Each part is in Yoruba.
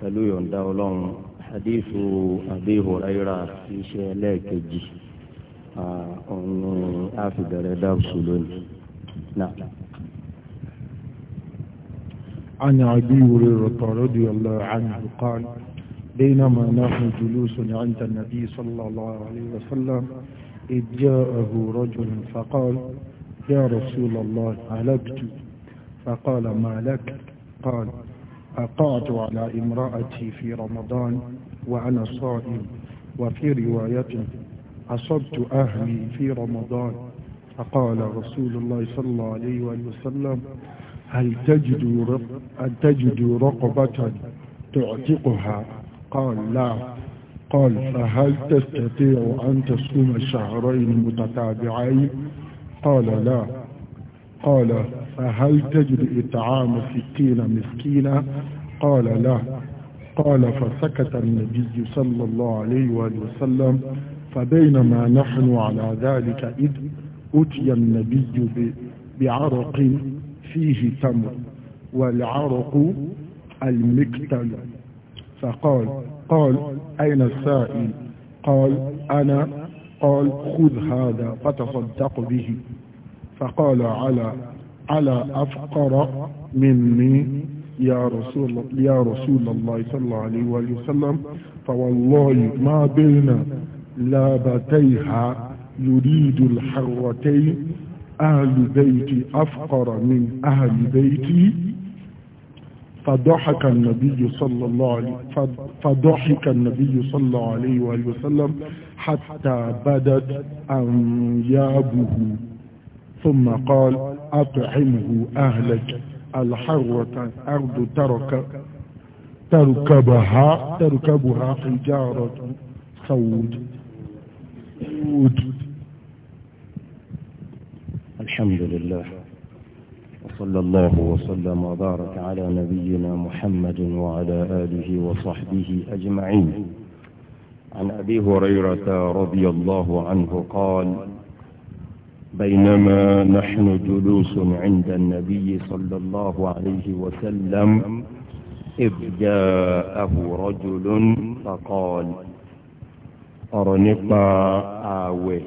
pẹ̀lú yọ̀ǹda ọlọ́run hadithu Abi Huraira tí í ṣe ẹlẹ́ẹ̀kejì òun ni a fi bẹ̀rẹ̀ dáàbò lónìí. عن أبي هريرة رضي الله عنه قال بينما نحن جلوس عند النبي صلى الله عليه وسلم إذ جاءه رجل فقال يا رسول الله هلكت فقال ما لك قال أقعت على امرأتي في رمضان وأنا صائم وفي رواية أصبت أهلي في رمضان فقال رسول الله صلى الله عليه وسلم هل تجد هل تجد رقبة تعتقها قال لا قال فهل تستطيع أن تصوم شهرين متتابعين قال لا قال فهل تجد إطعام ستين مسكينا قال لا قال فسكت النبي صلى الله عليه وآله وسلم فبينما نحن على ذلك إذ أتي النبي بعرق فيه تمر والعرق المكتل فقال قال أين السائل قال أنا قال خذ هذا فتصدق به فقال على على أفقر مني يا رسول يا رسول الله صلى الله عليه وآله وسلم فوالله ما بين لابتيها يريد الحرتين أهل بيتي أفقر من أهل بيتي فضحك النبي صلى الله عليه فضحك النبي صلى الله عليه وآله وسلم حتى بدت أنيابه ثم قال أطعمه أهلك الحروة أرض ترك تركبها تركبها حجارة صوت الحمد لله وصلى الله وسلم وبارك على نبينا محمد وعلى آله وصحبه أجمعين عن أبي هريرة رضي الله عنه قال بينما نحن جلوس عند النبي صلى الله عليه وسلم إذ جاءه رجل فقال أرنقى آوي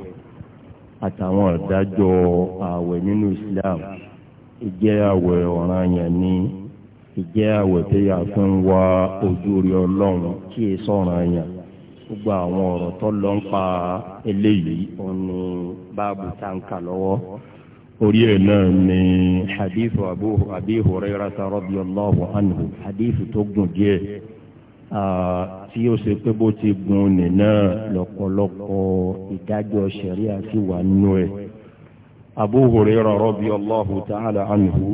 àtàwọn ìdájọ́ ààwẹ̀ nínú Islam ìjẹ́ ààwẹ̀ ọ̀ranyàn ni ìjẹ́ ààwẹ̀ tó yà fún wa ojú rí Ọlọ́run kí èso ọ̀ranyàn gbogbo àwọn ọ̀rọ̀ tó lọ ń pa eléyìí ọ̀nà báàbù táǹkà lọ́wọ́ orí ẹ̀ náà ni hadithu abu abi hurayrata radiyallahu anhu hadithu tó gùn díẹ̀ tí ó ṣe pé bó ti gùn ní náà lọ́pọ̀lọpọ̀ ìdájọ́ ṣẹ̀ríà sì wà nínú ẹ̀ abu hurayrata radiyallahu ta'ala anhu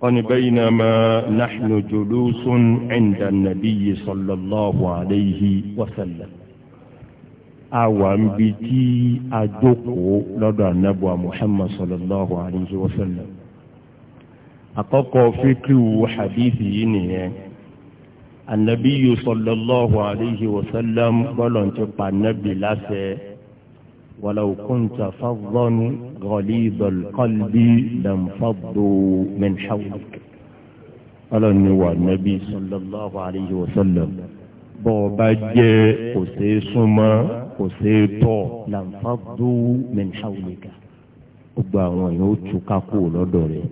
قال بينما نحن جلوس عند النبي صلى الله عليه وسلم أوان بتي أدوكو لدى النبوة محمد صلى الله عليه وسلم أقاقو فكر حديثي نيه النبي صلى الله عليه وسلم قال انتقى النبي لسه ولو كنت فظا غليظ القلب لم فضوا من حولك ọlọ́run ni wà nẹ́bí sallallahu alayhi wa sallam bọ́ ọ bá jẹ́ kò ṣeé súnmọ́ kò ṣeé tọ̀ lànfàdú min hawlika gbogbo àwọn yóò túká kú lọ́dọ̀ rẹ̀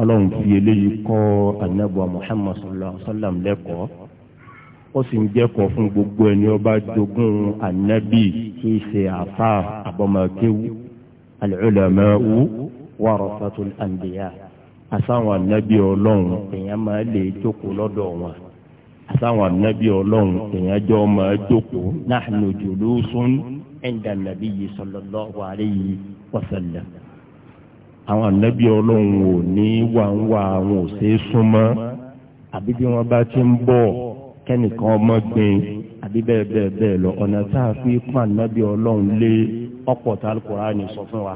ọlọ́run fi eléyìí kọ́ anábọ̀ muhammad sallallahu alayhi wa sallam lẹ́kọ̀ọ́ ó sì ń jẹ́kọ̀ọ́ fún gbogbo ẹni ó bá jogún anábì kì í ṣe àfa àbọ̀mọ̀kéwù. العلماء ulamau الأنبياء، anbiya النبي anabi ọlọ́run èèyàn máa lè jókòó النبي wọn asáwọn anabi ọlọ́run èèyàn jọ máa jókòó nahnu julusun inda nabiyyi sallallahu alayhi wa sallam àwọn anabi ọlọ́run ò ní wà ń wà àwọn ò ṣe é súnmọ́ àbí bí wọ́n bá ti ń bọ̀ kẹ́nìkan ọmọ gbìn àbí bẹ́ẹ̀ bẹ́ẹ̀ bẹ́ẹ̀ lọ ọ̀nà tá a fi kún anabi ọlọ́run lé ọ̀pọ̀ tá Al-Kùránì sọ fún wa.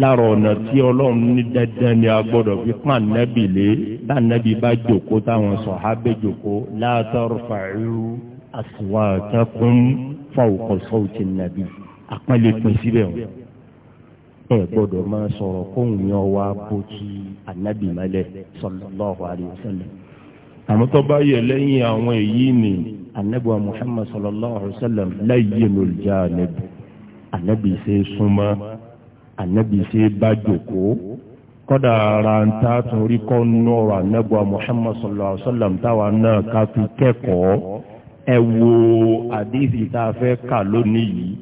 lára ọ̀nà tí ọlọ́run ní dandan ni a gbọ́dọ̀ fi pàn nẹ́bì lé dánẹ́bì bá jòkó táwọn sàhábé jòkó la tarfa'u aswatakum fawqa sawti an-nabi àpẹẹlẹ pín síbẹ̀ wọn. ẹ gbọ́dọ̀ máa sọ̀rọ̀ kóhùn yẹn wá bó ti ànábì mẹ́lẹ̀ sallallahu alaihi wasallam àmọ́ tó bá yẹ lẹ́yìn àwọn èyí ni anabuwa muhammad sallallahu alaihi wa sallam layyinul janib ànábì ṣe súnmọ́ ànábì ṣe bá jòkó kọ́dà ara ń ta tún rí kọ́ nú ọ̀rọ̀ ànábì Muhammad sallallahu alaihi wasallam táwa náà ká fi kẹ́kọ̀ọ́ ẹ wo àdéhìí tá a fẹ́ kà lónìí yìí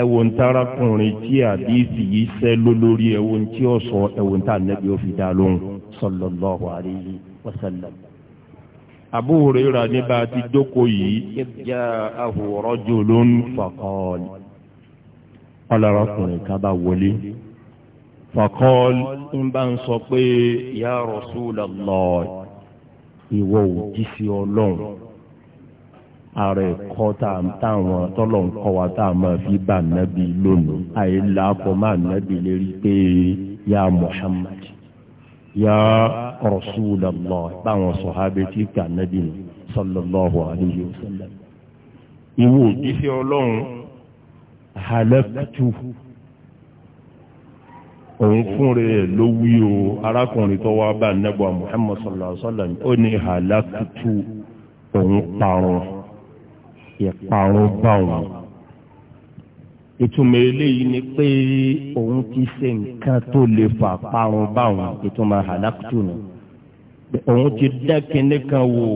ẹ wo ń tarakùnrin tí àdéhìí yìí sẹ́ lólórí ẹ wo ń tí ó sọ ẹ wo ń tà ànábì ó fi dá lóhùn sallallahu alaihi wasallam. Abu Hurairah ní bá a jókòó yìí. idh ja'ahu rajulun faqala wọ́n lára ọkùnrin ká bá wọlé faqal ń bá ń sọ pé ya Rasulallah ìwọ òjíṣẹ́ ọlọ́run ààrẹ ẹ̀kọ́ táwọn tọ́lọ̀ ń kọ́ wa tá a máa fi bá nábì lónìí àìlà àpọ̀ máa nábì lérí pé ya Muhammad ya Rasulallah báwọn sọ̀hábẹ́ tí kà nábì sallallahu alayhi wa sallam ìwọ òjíṣẹ́ ọlọ́run halẹ́kùtù òun fúnra ẹ̀ ló wí o arákùnrin tó wá bá nẹ́bọ̀ Muhammad sallallahu alaihi wasallam ó ní halẹ́kùtù òun parun ìparun bá òun ìtumọ̀ eléyìí ni pé òun ti ṣe nǹkan tó lè fà parun bá òun ìtumọ̀ halẹ́kùtù nù òun ti dẹ́kin nìkan wò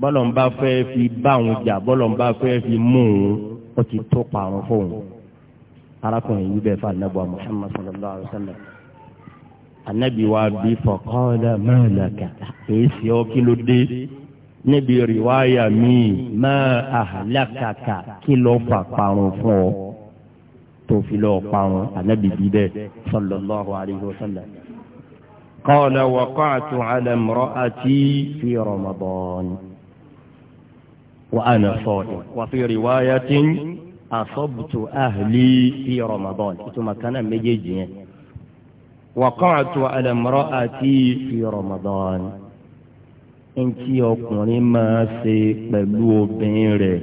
bọ́lọ̀ ń bá fẹ́ fi bá òun jà bọ́lọ̀ ń bá fẹ́ fi mú òun ó ti tó pààrọ̀ fóun arákùnrin yìí bẹ́ẹ̀ fà nàbọ̀ Muhammad sallallahu alayhi wa sallam anabi wa bi faqala ma laka èyí sì ọ́ kí ló dé níbi rìwáyà míì ma ahlakaka kí ló fà pààrọ̀ fún ọ tó fi lọ́ọ́ parun anabi bí bẹ́ẹ̀ sallallahu alayhi wa sallam. qala waqa'tu ala imra'ati fi Ramadan wa ana sa'im wa fi riwayatin asabtu ahli fi Ramadan ìtumọ̀ kan náà méjèèjì yẹn wa qa'tu ala imra'ati fi Ramadan ntí ọkùnrin máa ṣe pẹ̀lú obìnrin rẹ̀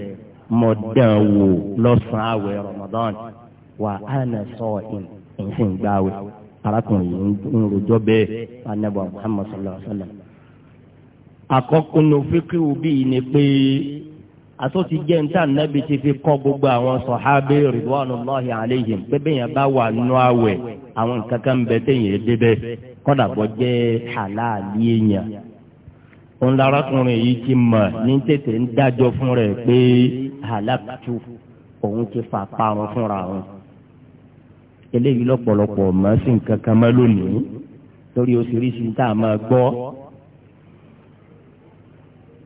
mọ̀dán wò lọ́sàn-án àwẹ̀ Ramadan wa ana sa'im ìsìn gbáwé arákùnrin ń rojọ́ bẹ́ẹ̀ anábọ̀ Muhammad sallallahu alayhi wa sallam. àkọ́kùnrin òfin kí wo bí ni pé àtúntì jẹ́ níta nàbì ti fi kọ́ gbogbo àwọn sọ̀hábì ridwanullahi alayhim pépé yẹn bá wà nù awẹ̀ àwọn nǹkan kan bẹ téèyàn débẹ̀ kọ́dà bọ́ jẹ́ halali èèyàn. òun larakùnrin yìí ti mọ̀ ní tètè ń dájọ́ fún rẹ̀ pé halaktu òun ti fà parun fúnra òun. eléyìí lọ́pọ̀lọpọ̀ mọ̀ sí nǹkan kan mọ́ lónìí torí oṣù rí sí tá a máa gbọ́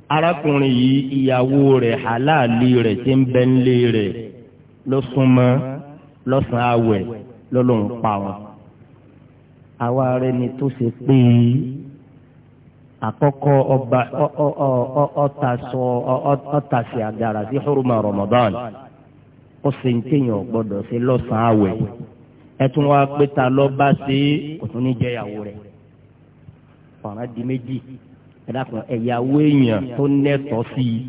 arákùnrin yìí ìyàwó rẹ̀ aláàlí rẹ̀ tí ń bẹ nílé rẹ̀ ló súnmọ́ àwẹ̀ lọ́lọ́run pa wọn. àwa rẹ̀ ni tó ṣe pé àkọ́kọ́ ọba ọ̀tàṣe àgàrà sí huruma Ramadan ó sì ń téèyàn gbọ́dọ̀ sí lọ́sàn-án àwẹ̀ ẹ tún wá pé ta lọ́ọ́ bá ṣe kò tún ní jẹ́yàwó rẹ̀ fọ̀nrán ẹ̀dàkùn ẹ̀yàwó èèyàn tó nẹ́tọ̀ sí i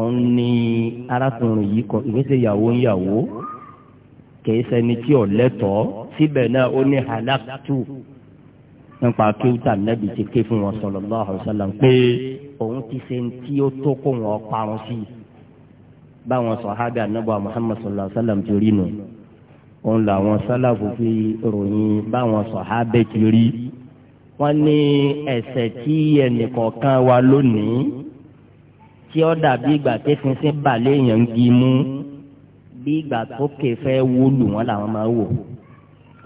òun ni arákùnrin yìí kọ ìgbésẹ̀ ìyàwó ń yàwó kìí ṣẹni tí ò lẹ́tọ̀ síbẹ̀ náà ó ní halaktu nípa kí ó tà nẹ́bi ti ké fún wọn sallallahu alaihi wasallam pé òun ti ṣe tí ó tó kó wọn parun sí i báwọn sọ̀hábì anábọ̀ Muhammad sallallahu alaihi wasallam ti rí nù òun làwọn sálàfù fi ròyìn báwọn sọ̀hábì ti rí nù wọ́n ní ẹ̀ṣẹ̀ tí ẹnìkọ̀ọ̀kan wa lónìí tí ó dàbí ìgbà tí fífín balẹ̀ èèyàn ń gi mú bí ìgbà tó kè fẹ́ wó lù wọ́n làwọn máa wò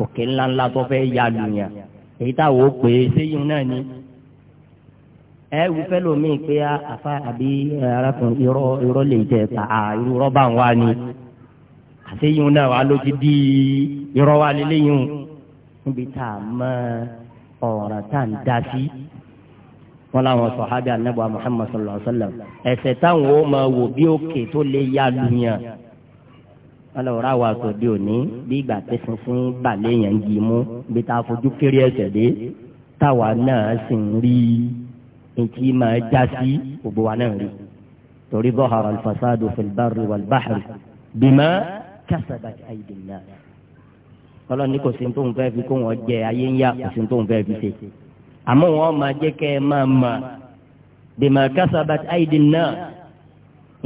òkè ńláńlá tó fẹ́ ya lù èyí táwọn ó pè é séyìn náà ni ẹ wù fẹ́ lómi pé àfa àbí arákùnrin irọ́ irọ́ lè jẹ ta irú rọ́bà wa ni àséyìn náà wa ló ti di irọ́ wa lélẹ́yìn níbi tá a máa ọ̀ràn tá à ń dá sí wọn làwọn sọ̀hábì anábọ̀ Muhammad sallallahu alayhi wa sallam ẹ̀ṣẹ̀ táwọn ó máa wò bí òkè tó lè yá lùyàn wọn lọ rà wá sọdí òní bí ìgbà tí sísìn balẹ̀ yẹn ń gi mú bí tá a fojú kéré ẹ̀ṣẹ̀ dé táwa náà sì ń rí etí máa já sí òbí wa náà rí torí bọ́hàrà al-fasadu fil barri wal bahri bima kasabat ọlọ́run ní kò sí tó ń fẹ́ fi kó wọn jẹ ayé ń yá kò sí tó ń fẹ́ fi ṣe àmọ́ wọn máa jẹ́ kẹ́ ẹ máa mọ̀ bima kasabat aydin náà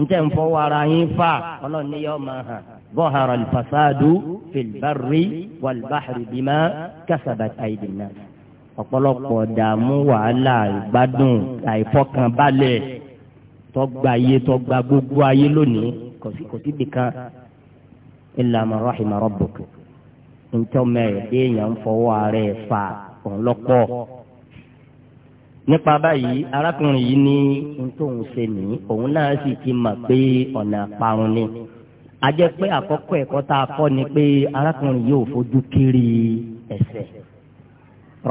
ń tẹ̀ ń fọwọ́ ara yín fà ọlọ́run ní yọ máa hàn ظهر الفساد في البر والبحر بما كسبت أيدي الناس ọ̀pọ̀lọpọ̀ dààmú wàhálà ìgbádùn àìfọkànbalẹ̀ tọgbà ayé tọgbà gbogbo ayé lónìí kò sí kò síbi kan illa man rahima rabbuk ntọ́mọ ẹ̀dẹ́ èèyàn ń fọwọ́ ara ẹ̀ fà òun lọ́pọ̀. nípa báyìí arákùnrin yìí ní ntòun ṣe ní òun náà sì ti mọ̀ pé ọ̀nà àparun ni. a jẹ́ pé àkọ́kọ́ ẹ̀kọ́ tá a kọ́ ni pé arákùnrin yìí ò fojú kiri ẹ̀ṣẹ̀.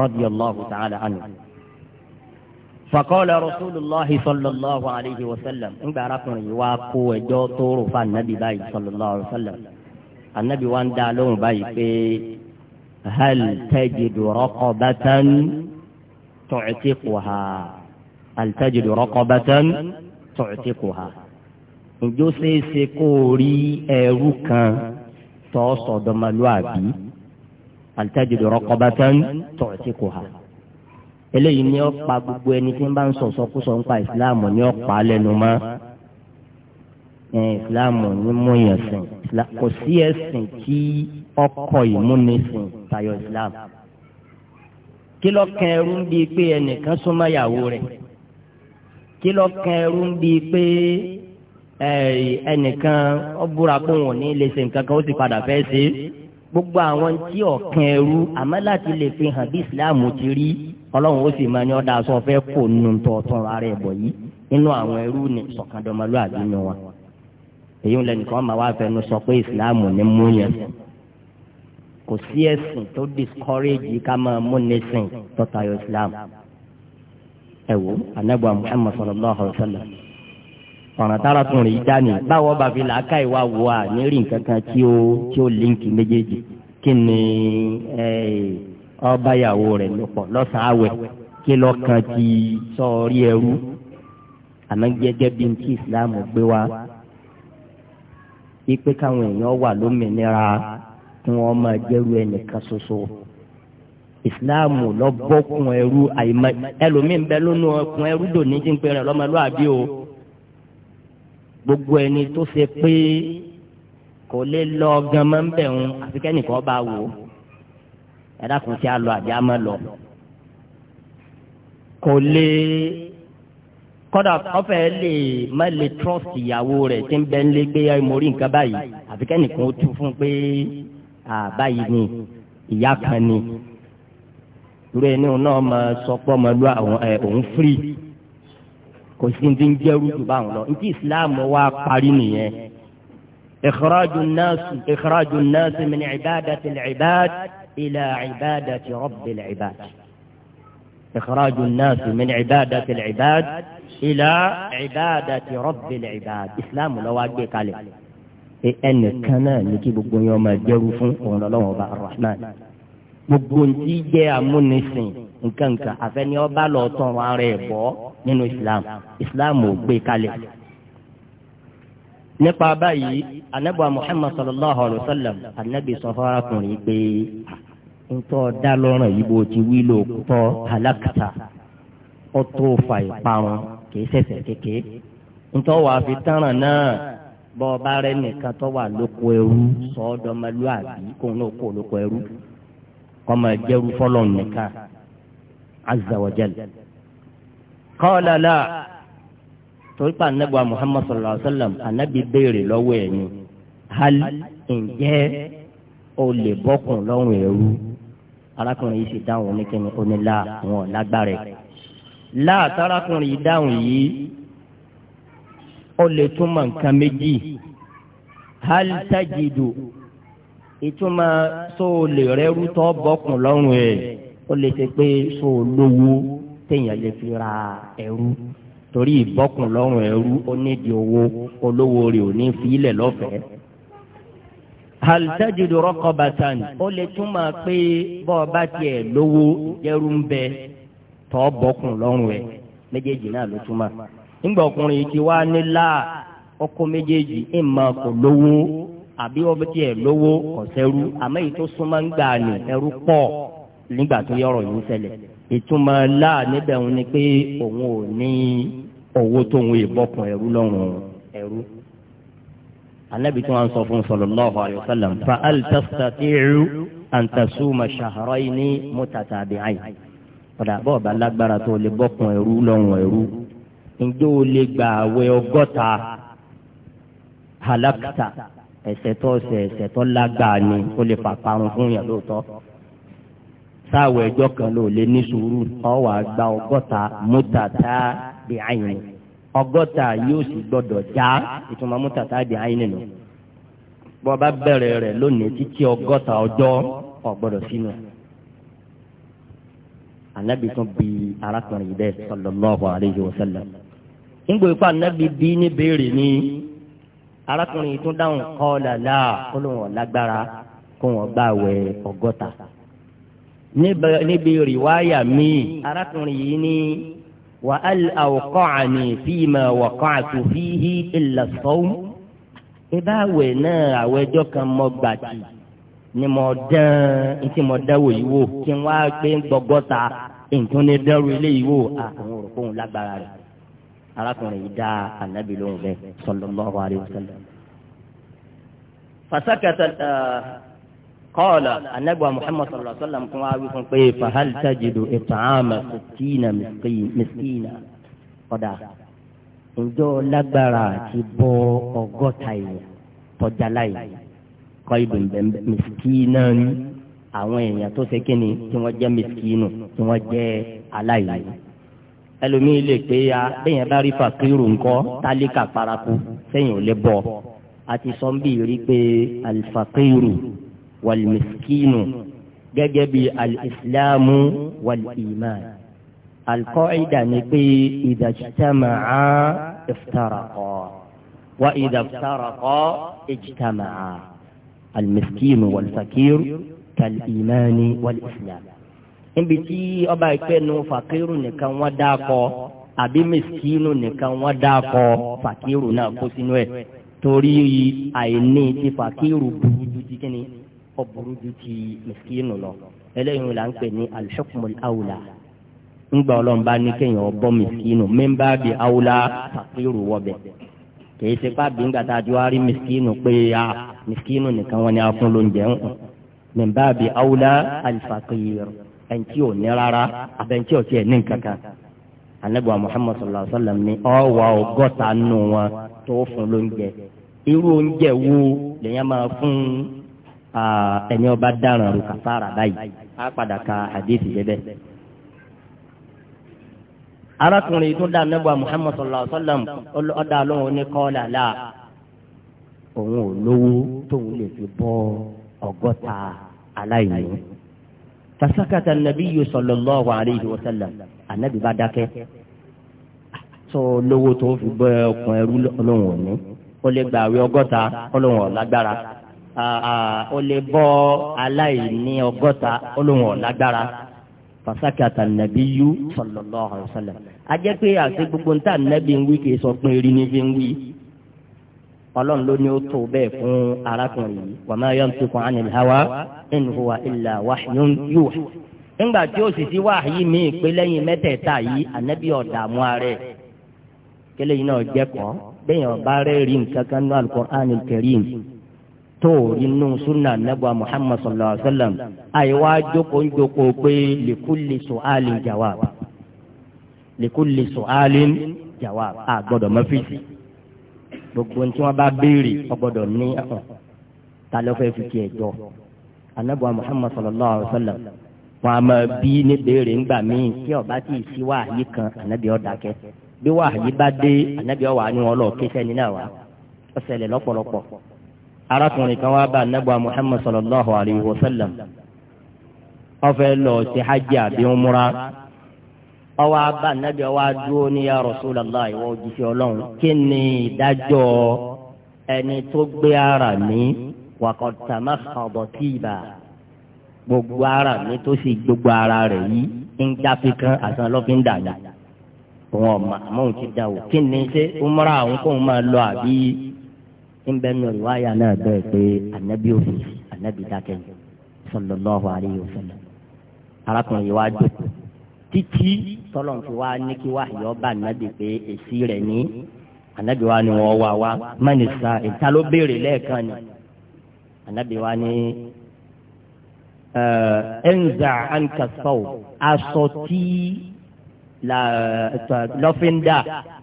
radiyallahu ta'ala anhu. faqala rasulullahi sallallahu alayhi wa sallam ńgbà arákùnrin yìí wá kó ẹjọ́ tó rò fún anabi báyìí sallallahu alayhi anabi wa ń dá lóhùn báyìí pé hal tajidu raqabatan tu'tiquha hal tajidu raqabatan tu'tiquha ǹjọ́ ṣeéṣe kó o rí ẹrú kan tọ́ sọ̀dọ̀mọlúàbí hal tajidu raqabatan tu'tiquha eléyìí ni ó pa gbogbo ẹni tí ń bá ń sọ̀sọ́kúsọ ń pa ìsìláàmù ni ó pa lẹ́nu mọ́ ìsìláàmù ní mú yẹn sìn kò sí ẹ̀sìn tí ọkọ̀ ìmúnisìn tayọ ìsìláàmù. kí ló kan ẹrú ń bíi pé ẹnìkan súnmọ́ ìyàwó rẹ̀ kí ló kan ẹrú ń bíi pé ẹnìkan ó búra pé òun ò ní lè ṣe nǹkan kan ó sì padà fẹ́ ṣe gbogbo àwọn tí ọ̀kan ẹrú àmọ́ láti lè fi hàn bí ìsìláàmù ti rí ọlọ́run ó sì máa ní ọ̀dà aṣọ fẹ́ kó nù tọ̀tọ̀ ara ẹ̀ bọ̀ yìí nínú àwọn ẹrú ní sọ̀kandọ̀mọlúwàbí nù wọn èyí ń lẹ́nu kan máa wá fẹnu sọ pé ìsìláàmù ni mú yẹn kò sí ẹ̀sìn tó discourage ká máa mú nísìn tó tayọ ìsìláàmù ẹ wò anábọ̀ Muhammad sallallahu alaihi wasallam ọ̀ràn tára tún rí dání báwo bá làákà ìwà wò à ní rí nǹkan kan tí ó tí ó líǹkì méjèèjì kí ni ọba ìyàwó rẹ̀ ló pọ̀ lọ́sàn-án àwẹ̀ kí lọ́kàn ti sọ orí ẹrú àmọ́ gẹ́gẹ́ bí n ìsìláàmù gbé wá ipe káwọn èèyàn wà lómìnira kí wọ́n máa jẹ́rú ẹnìkan ṣoṣo ìsìláàmù lọ́bọ̀kùn ẹrú àìmọ ẹlòmíín bẹ lónú ọkùn ẹrú dòní tí ń pe rẹ lọ́mọlúwàbí o gbogbo ẹni tó ṣe pé kò lè lọ gan máa ń bẹ̀ ń àfi kẹ́nìkan bá wò ó ẹ̀dá kùn sí àlọ́ àbí àmọ́ lọ kò lè kọ́dà ọ̀fẹ́ lè má lè trust ìyàwó rẹ̀ tí ń bẹ́ ń lé gbé mórí nǹkan báyìí àfi kẹ́nìkan ó tú fún pé báyìí ni ìyá kan ni irú ẹni náà máa sọ pé ọmọlú àwọn ẹ òun firi kò sí ní jẹ́rú jù báwọn lọ nítí Islam wá parí nìyẹn ikhraju an-nas ikhraju an-nas min ibadati al-ibad ila ibadati rabbil ibad ikhraju an-nas min ibadati al-ibad ìlà ibadati rabbil ibad islam lọ́wọ́ gbé kalẹ̀ ẹnìkan náà ní kí gbogbo yẹn máa jẹ́rú fún òun lọ́wọ́ ọba rahman gbogbo ntí jẹ́ amúnisìn nkankan àfẹ́ni ọba lọ tọrọ ara ẹ̀ bọ́ nínú islam islam ò gbé kalẹ̀ nípa báyìí anabi muhammad sallallahu alayhi wa sallam anabi sọfara kun yìí pé ntọ́ da yìí bó ti wí lóòótọ́ halakata ọ̀tọ̀ fà ìparun kì í ṣẹ̀ṣẹ̀ kékeré ntọ́ wà fi tánràn náà bọ́ ọba rẹ nìkan tọ́ wà lóko ẹrú sọ́ọ́dọ́mọlúàbí kóun náà kó lóko ẹrú kọ́mọ jẹ́rú fọlọ́n nìkan azza wa jal. qala la torí pa anabi muhammad sallallahu alaihi wa sallam anabi béèrè lọ́wọ́ ẹ̀ ni hal ǹjẹ́ o lè bọ́kùn lọ́rùn ẹrú arákùnrin yìí sì dáhùn oníkẹ́ni onílà wọn lágbára ẹ̀ láàtárakùnrin dáhùn yìí ó lè túmọ̀ nǹkan méjì hal tajidu ìtumọ̀ so lè rẹ́rú tọ́ bọ́kùn lọ́rùn ẹ̀ ó lè ṣe pé so lówó téèyàn lè fi ra ẹrú torí ìbọ́kùn lọ́rùn ẹrú ó nídìí owó olówó rẹ̀ ò ní fi ilẹ̀ lọ́fẹ̀ẹ́. hal tajidu ó lè túmọ̀ pé bọ́ọ̀ bá tiẹ̀ lówó jẹ́rú ń bẹ́ẹ̀ tọ́ bọ́kùn lọ́rùn ẹ̀ méjèèjì náà ló túmọ̀ nígbà ọkùnrin yìí ti wá nílá ọkọ méjèèjì ìmọ̀ kò lówó àbí wọ́n ti ẹ̀ lówó ọ̀sẹ̀rú àmọ́ èyí tó súnmọ́ ń gbà ní ẹrú pọ̀ nígbà tó yọrọ̀ yìí ṣẹlẹ̀ ìtumọ̀ ńlá níbẹ̀ òun ni pé òun ò ní owó tóun ìbọ̀kùn ẹrú lọ́rùn ẹrú. anabi tí wọn sọ fún sallallahu alayhi wa sallam fa al tastati'u an tasuma shahrayni mutatabi'ayn kódà bọ́ọ̀bá lágbára tó lè bọ́kùn ẹ̀rú lọ́rùn ẹ̀rú ǹjẹ́ o lè gba àwẹ̀ ọgọ́ta halakita ẹ̀ṣẹ̀ tó ṣẹ̀ ẹ̀ṣẹ̀ tó lágbára ni o lè fàparun fún yàn lóòótọ́ sáwọ ẹjọ́ kan ló lè ní sùúrù ọwọ́ àgbà ọgọ́ta mútàtà bí àyìn ọgọ́ta yóò sì gbọ́dọ̀ já ìtumọ̀ mútàtà bí àyìn nù bọ́ọ̀bá bẹ̀rẹ̀ rẹ̀ lónìí títí ọgọ́ta ọjọ́ ọ̀gbọ́dọ̀ sínú anabi tún bi arákùnrin yìí bẹ́ẹ̀ sallallahu alayhi wa sallam. ńgbò ipa anabi bí ní béèrè ní arákùnrin yìí tún dáhùn qala la kó ló wọn lágbára kó wọn gbààwẹ̀ ọgọ́ta. níbi rìwáyà míì arákùnrin yìí ní wa al awqa'ani fima waqa'tu fihi illa as-sawm. ìbáwẹ̀ náà àwẹ̀jọ́ kan mọ́ gbàtì ni mo dán ntí mo dán wòyí wò kí n wá gbé gbọgbọ́ta nǹkan ní dẹ́rù eléyìí wò àwọn òrùkóhùn lágbára rẹ̀ arákùnrin yìí dá ànábì lóhùn bẹ́ẹ̀ sallallahu alaihi wasallam. fasakata qala anagba muhammad sallallahu alaihi wasallam kún wa wí fún pé fahal tajidu it'ama sittina miskina kọ́dà ǹjọ́ lágbára ti bọ́ ọgọ́ta yìí tọ́jà láyé kọ́ ibùdó miskina àwọn èèyàn tó ṣe kíni tí wọ́n jẹ́ miskinu tí wọ́n jẹ́ aláìní. ẹlòmíì lè pé ya bẹ́yẹn bá rí fàkírù ńkọ́ tálíkà paraku sẹ́yìn ò lè bọ̀ àti sọ́nbì rí pé alifakírù wàlmìskínù gẹ́gẹ́ bí alìsílámù wàlìmán. alqaida ni pé idha ijtama'a iftaraqa wa idha iftaraqa ijtama'a almiskinu walfakir kal'imani walislam níbi tí ọba ìpẹ́ nu fàkírù nìkan wọ́n dá kọ àbí mẹ́sìkínù nìkan wọ́n dá kọ fàkírù náà kó sínú ẹ̀ torí àìní ti fàkírù burú ju ti kíni ọ burú ju ti mẹ́sìkínù lọ eléyìí là ń pè ní al-hukmul awla ńgbà ọlọ́mba ní kéèyàn ọbọ mẹ́sìkínù mẹ́mbà bíi awla fàkírù wọ́bẹ̀ kìí ṣe pa bí ńgbà tá a ti wá rí pé a mẹ́sìkínù nìkan wọ́n ní afúnlóúnjẹ ń mẹ́mbà bíi awla al ẹnití ò ní rárá abẹnití ò tiẹ̀ ní nǹkankan anabi muhammad sallallahu alaihi wa sallam ni ọwọ ọgọ́ta nù wọn tó fún lóúnjẹ irú oúnjẹ wo lèyàn máa fún ẹni ọba dáràn rò kàfàrà báyìí á padà ka àdéhìí bẹbẹ. arákùnrin tó dá anabi muhammad sallallahu alaihi wa la òun ò lówó tóun lè fi bọ́ ọgọ́ta fasakata nabi sallallahu alayhi wa sallam anabi bá dákẹ́ tó lówó tó fi bọ́ ọkùn ẹrú ọlọ́run òní ó lè gba àwẹ̀ ọgọ́ta ọlọ́run ọ̀lágbára ó lè bọ́ aláìní ọgọ́ta ọlọ́run ọ̀lágbára fasakata nabi sallallahu alayhi wa sallam a jẹ́ pé àti gbogbo ntá nabi ń wí kì í sọ pé erin ní fi ń wí ọlọ́run ló ní ó tó bẹ́ẹ̀ fún arákùnrin yìí wa ma yantiqu anil hawa in huwa illa wahyun yuha. nígbà tí ó sì sí wáyé mi pé lẹ́yìn mẹ́tẹ̀ẹ̀ta yìí ànábì ọ̀dààmú ààrẹ kẹlẹ́ yìí náà jẹ́kọ̀ọ́ bẹ́ẹ̀ ọba rẹ̀ rí nǹkan kan ní al-Qur'anil karim tó rí nù súnà nàbà Muhammad sallallahu alayhi wa sallam àyíwá jókòó jókòó pé li kulli su'alin jawab àgbọ̀dọ̀ mọ́fíìsì gbogbo tí wọ́n bá béèrè ọgbọ́dọ̀ ní ẹ̀hàn ta ló fẹ́ fi tiẹ̀ jọ anabuwa muhammad sallallahu alaihi wa sallam wọn a máa bí ní béèrè ńgbà míì tí ọba tí ì sí wàhálì kan anabi ọ̀dàkẹ́ bí wàhálì bá dé anabi ọ̀wà ni wọn lọ kéṣẹ́ nínú àwa ọ̀sẹ̀ lẹ̀ lọ́pọ̀lọpọ̀ arákùnrin kan wá bá anabuwa muhammad sallallahu alaihi wa sallam ó fẹ́ lọ ṣe hajj àbí ọwọ́ abá nàbí ọwọ́ adúró ní ya Rasulullah ìwọ òjíṣẹ́ ọlọ́run kí ni ìdájọ́ ẹni tó gbé ara mi wàkọ̀tàmá kàbọ̀tìbà gbogbo ara mi tó sì gbogbo ara rẹ̀ yìí ń jáfi kan àtàn lọ́fíń dàgbà òun ọ̀ma àmọ́hùn ti dà wò kí ni ṣé umra àwọn kóun máa lọ àbí ńbẹ́nu ìwáyà náà bẹ́ẹ̀ pé ànábì òfin ànábì dákẹ́ sallallahu alayhi wa arákùnrin yìí wá dùn títí tọ́lọ́n fi wá ní kí wá yọ bá nàbì pé èsì rẹ̀ ní ànábì wa ni wọ́n wá wá mánìsà ìta ló béèrè lẹ́ẹ̀kan ni ànábì wa ni ẹnza ankasaw aṣọ tí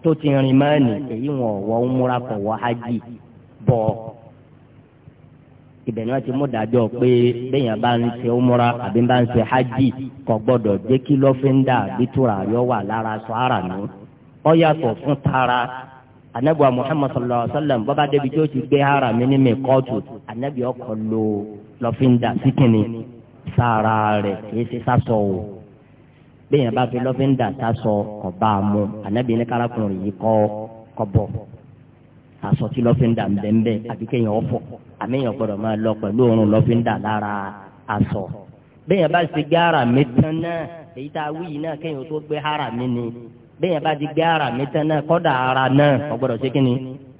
tó ti rìn mọ́ni èyí wọn wọ́n múra pọ̀ wọ́n hajj bọ̀ ibẹ̀ ni wọ́n ti mú dájọ́ pé bẹ́yàn bá ń ṣe umra àbí bá ń ṣe hajj kò gbọ́dọ̀ jẹ́ kí lọ́fíńdà bítúrà yọ wà lára aṣọ ara nù. ó yàtọ̀ fún tara anabiwa muhammad sallallahu alaihi wa sallam bọ́ba débi tí ó ti gbé ara mi ní mi kóòtù anabi ọkọ̀ lo lọ́fíńdà síkìnnì sára rẹ̀ kì í ṣe sásọ o bẹ́yàn bá fi lọ́fíńdà sásọ kò bá a mú anabi ní kárakùnrin yìí kọ́ kọ́ bọ̀ àmẹ́yìn ọ̀gbọ́dọ̀ máa lọ pẹ̀lú òórùn lọ́fíńdà lára aṣọ. bẹ́ẹ̀ bá ti gbé ara mi tán náà èyí tá a wí yìí náà kéèyàn tó gbé ara mi ni bẹ́ẹ̀ bá ti gbé ara mi tán náà kọ́dà ara náà kò gbọ́dọ̀ ṣe kínni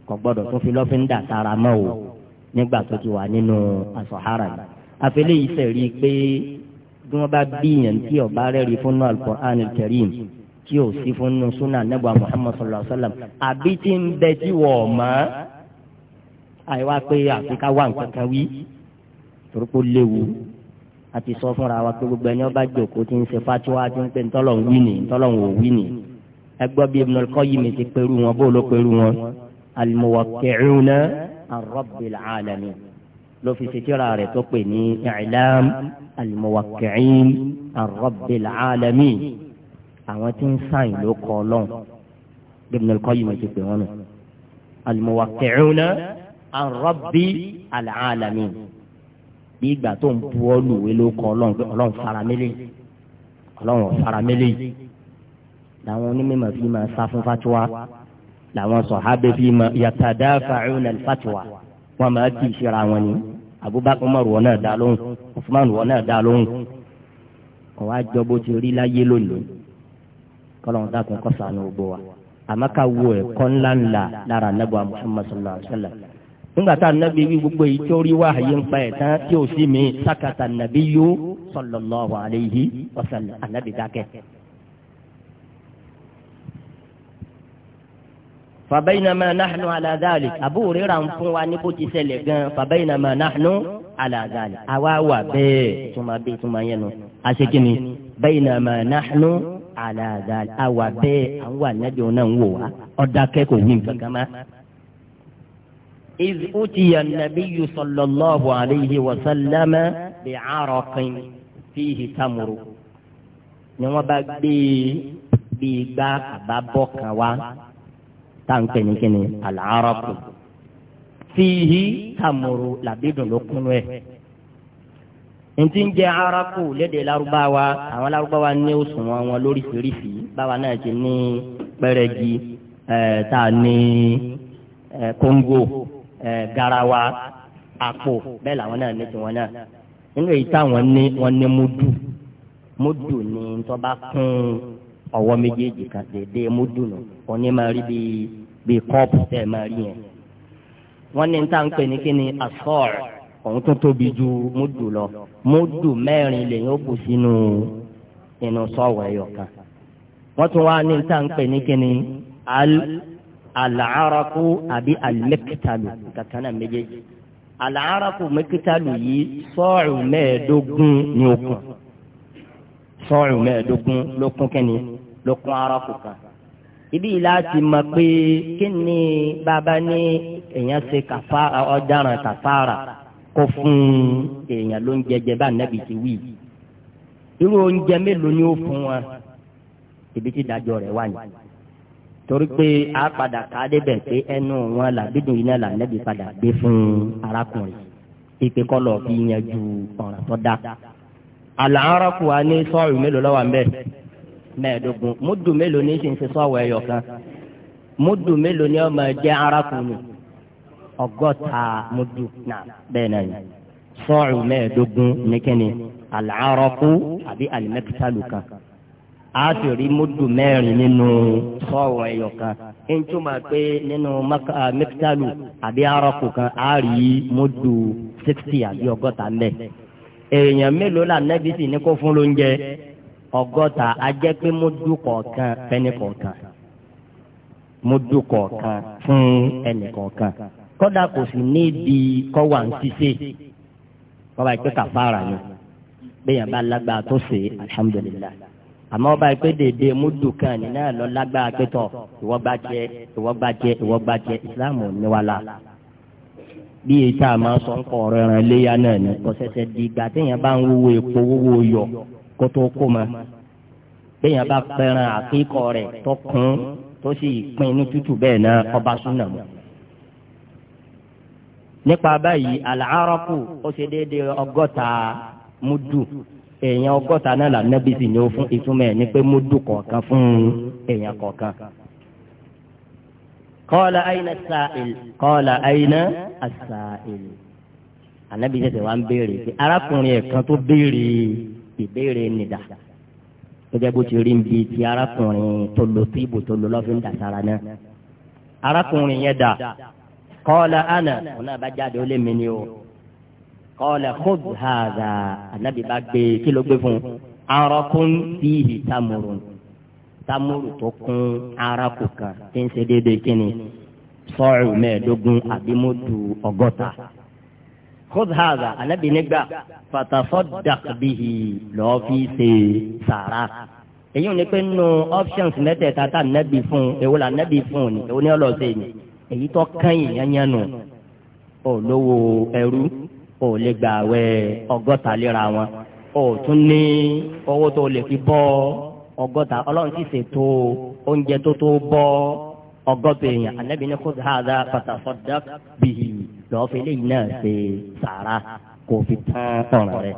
kò gbọ́dọ̀ tún fi lọ́fíńdà tara mọ́ o nígbà tó ti wà nínú aṣọ ara yìí. àfẹlẹ́ yìí sẹ̀rí pé bí wọ́n bá bí yẹn tí ọba rẹ̀ rí fún Al-Qur'an àìwá pé àfi ká wà nǹkan kan wí torókó léwu a ti sọ fúnra wa pé gbogbo ẹni ọba jòkó ti ń ṣe fatiwa ti ń pè ntọ́lọ̀ ń wí ni ntọ́lọ̀ ń wò wí ni ẹgbọ́ bíi Ibn al-Qayyim ti pẹ̀lú wọn bó pẹ̀lú wọn al-muwaqqi'una an rabbil alamin ló fi ṣètìlá rẹ̀ tó pè ní i'lam al-muwaqqi'in an rabbil àwọn tí ń sàn ló kọ́ lọ́n Ibn al-Qayyim ti pè wọn nù al-muwaqqi'una an rabbi alaalamin bí ìgbà tó ń bu ọlùwé ló kọ ọlọ́run pé ọlọ́run faramẹ́lẹ́ ọlọ́run faramẹ́lẹ́ làwọn onímọ̀ fi máa sá fún fatuwa làwọn sọ̀hábẹ́ fi máa yàtàdá fàáyọ̀nà fatuwa wọn máa kì í ṣera wọn ni abubakar umar wọn náà dá lóhùn usman wọn náà dá lóhùn wọn á jọ bó ti rí láyé lónìí kọlọ́run dákun kọ́sàánú gbogbo wa àmọ́ ká wo ẹ̀kọ́ ńláńlá lára anábọ̀ muhammad sallallahu nígbàtà nàbí wí gbogbo èyí tó rí wá àyè ń pa ẹ̀ tán tí ò sí mi sàkàtà nàbí yó sallallahu alayhi wa sallam ànábì dákẹ́. fabaynama nahnu ala dhalik Abu Hurairah ń fún wa ní bó ti ṣẹlẹ̀ gan fabaynama nahnu ala àwa wà bẹ́ẹ̀ tuma bẹ́ẹ̀ tuma yẹn nu asekini baynama nahnu ala àwa bẹ́ẹ̀ àwọn ànábì wọn náà ń wò wá ó kò ní nǹkan إذ أتي النبي صلى الله عليه وسلم بعرق فيه تمر ni wọ́n bá gbé bí igbá àbábọ kan wá táǹpẹ ní kíni àlàárọpù fíhí tàmùrù làbídùn ló kúnú ẹ ntí ń jẹ araku lédè Lárúbáwá àwọn Lárúbáwá ní òṣùwọ̀n wọn lóríṣiríṣi báwa náà ti ní pẹrẹgì ẹ tá a ní ẹ kóńgò garawa àpò bẹ́ẹ̀ làwọn náà ní tiwọn náà nínú èyí táwọn ní wọn ní múdù múdù ní tọ́ba kún ọwọ́ méjèèjì kan dédé múdù nù wọn ní máa rí bíi bíi kọ́ọ̀pù tẹ́ ẹ máa rí yẹn wọn ní tá à ń pè ní kíni asọ́ọ̀r òun tó tóbi ju múdù lọ múdù mẹ́rin lèyìn ó kù sínú inú sọ́ọ̀wọ̀ ẹ̀yọ̀ kan wọ́n tún wá ní tá pè ní kíni al alaaraku àbí alikitalu kankan náà méjèèjì alaaraku mẹkitalu yìí sọ́ọ̀rù mẹ́ẹ̀ẹ́dógún ní okùn sọ́ọ̀rù mẹ́ẹ̀ẹ́dógún lókun kẹ́ni lókun araku kan ibi láti mọ̀ pé kí ni bàbá ní èèyàn ṣe kàfàrà ọ̀daràn kàfàrà kó fún èèyàn ló ń jẹjẹ bá nàbì ti wí irú oúnjẹ mélòó ni ó fún wa ibi tí dájọ́ rẹ̀ wà nìyí torí pé a padà ká débẹ̀ pé ẹnu wọn làbídùn iná là nẹ́bí padà gbé fún arákùnrin ìpè kọlọ̀ fi yanjú ọ̀ràn tó dá. àlà arákù wa ní sọ́ọ̀rù mélòó lọ́wọ́ ń bẹ̀ mẹ́ẹ̀ẹ́dógún múdù mélòó ní sì ń ṣe sọ́ọ̀wọ̀ ẹ̀yọ̀ kan múdù mélòó ní ọmọ jẹ́ arákùnrin ọgọ́ta múdù náà bẹ́ẹ̀ náà sọ́ọ̀rù mẹ́ẹ̀ẹ́dógún ní kíni àlà arákù àbí àlìmẹ́kítàlù kan a ti rí múdù mẹ́rin nínú sọ́ọ̀rọ̀ ẹ̀yọ̀ kan ń túmọ̀ pé nínú mẹ́kítàlù àbí arọ́kù kan a rí múdù sixty àbí ọgọ́ta mẹ́. èèyàn mélòó la nẹ́bí sì ní kó fún lóúnjẹ ọgọ́ta a jẹ́ pé múdù kọ̀ọ̀kan fẹ́ni kọ̀ọ̀kan múdù kọ̀ọ̀kan fún ẹnì kọ̀ọ̀kan kódà kò sì ní ibi kọ́wà ń ṣiṣẹ́ kọ́wà ìpè kàfàrà ni bẹ́ẹ̀ yẹn bá lágbára tó ṣe alihamudulilayi àmọ́ ọba ìpè dèdè múdù kan nínú ẹ̀ lọ lágbára pẹ́tọ̀ ìwọ́ gba jẹ ìwọ́ gba jẹ ìwọ́ gba jẹ ìsìláàmù ní wàhálà. bí èyí tá a máa sọ ń kọ ọ̀rọ̀ ẹran léyà náà ní kọ́sẹ́sẹ́ di ìgbà téèyàn bá ń wúwo epo wúwo yọ kó tó kó mọ́ téèyàn bá fẹ́ràn àkíkọ rẹ̀ tó kún tó sì pin ní tútù bẹ́ẹ̀ náà ọba súnà mọ́. nípa báyìí àlàárọ̀ ó ṣe déédéé ọgọ́ta múdù èèyàn ọgọ́ta náà là nẹ́bí sì ní o fún ìtumọ̀ ẹ̀ ní pé múdù kọ̀ọ̀kan fún èèyàn kọ̀ọ̀kan. kọ́ọ̀lá àyìnà sàìl kọ́ọ̀lá àyìnà àsàìl ànábì tẹ̀sẹ̀ wá ń béèrè pé arákùnrin ẹ̀ kan tó béèrè ìbéèrè nìdá gẹ́gẹ́ bó ti rí ń bi ti arákùnrin tó lo tíìbù tó lo lọ́fíìn dàtara náà arákùnrin yẹn dà kọ́ọ̀lá àná òun náà bá jáde ó lé mi ní o kọ́lẹ̀ khud hadha anabi bá gbé kí ló gbé fún un arakun fihi tamurun tamuru tó kún araku kan tí ń ṣe déédéé kíni sọ́ọ̀rù mẹ́ẹ̀ẹ́dógún àbí mọ́tò ọgọ́ta khud hadha anabi nígbà fatafaddaq bihi lọ́ọ́ fi ṣe sàrà èyí ni pé nínú options mẹ́tẹ̀ẹ̀ta tá nẹ́bi fún un la nẹ́bi fún ni èwo yìí èyí tó kàn yìí yẹn yẹn nù ó lówó ẹrú o lè gba àwẹ̀ ọgọ́ta léra wọn o tún ní owó tó lè fi bọ́ ọgọ́ta ọlọ́run sì ṣètò oúnjẹ tó tó bọ́ ọgọ́ta èèyàn anabi ní kó hàdà fatafaddaq bihi lọ́ọ́ fi léyìn náà ṣe sàrà kò fi tán ọ̀ràn rẹ̀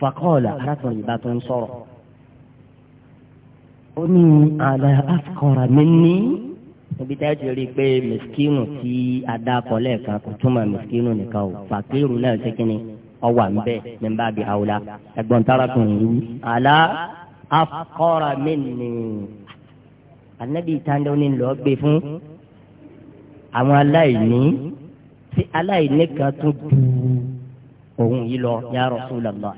fakọ́ọ̀lá arákùnrin ìbá tó ń sọ̀rọ̀ ó ní àlà afqara minni níbi tá a ti rí i pé mẹsìkínù tí adakọ lẹ́ẹ̀kan kò túmọ̀ mẹsìkínù nìkan o fàkírù náà ṣe kínní ọwà ń bẹ ní bá bi àwòlá ẹ̀gbọ́n tarakùnrin yìí àlá afqara minni anabi ìtàndé ó ní lọ gbé fún àwọn aláìní tí aláìní kan tún du òun yìí lọ ya Rasulullah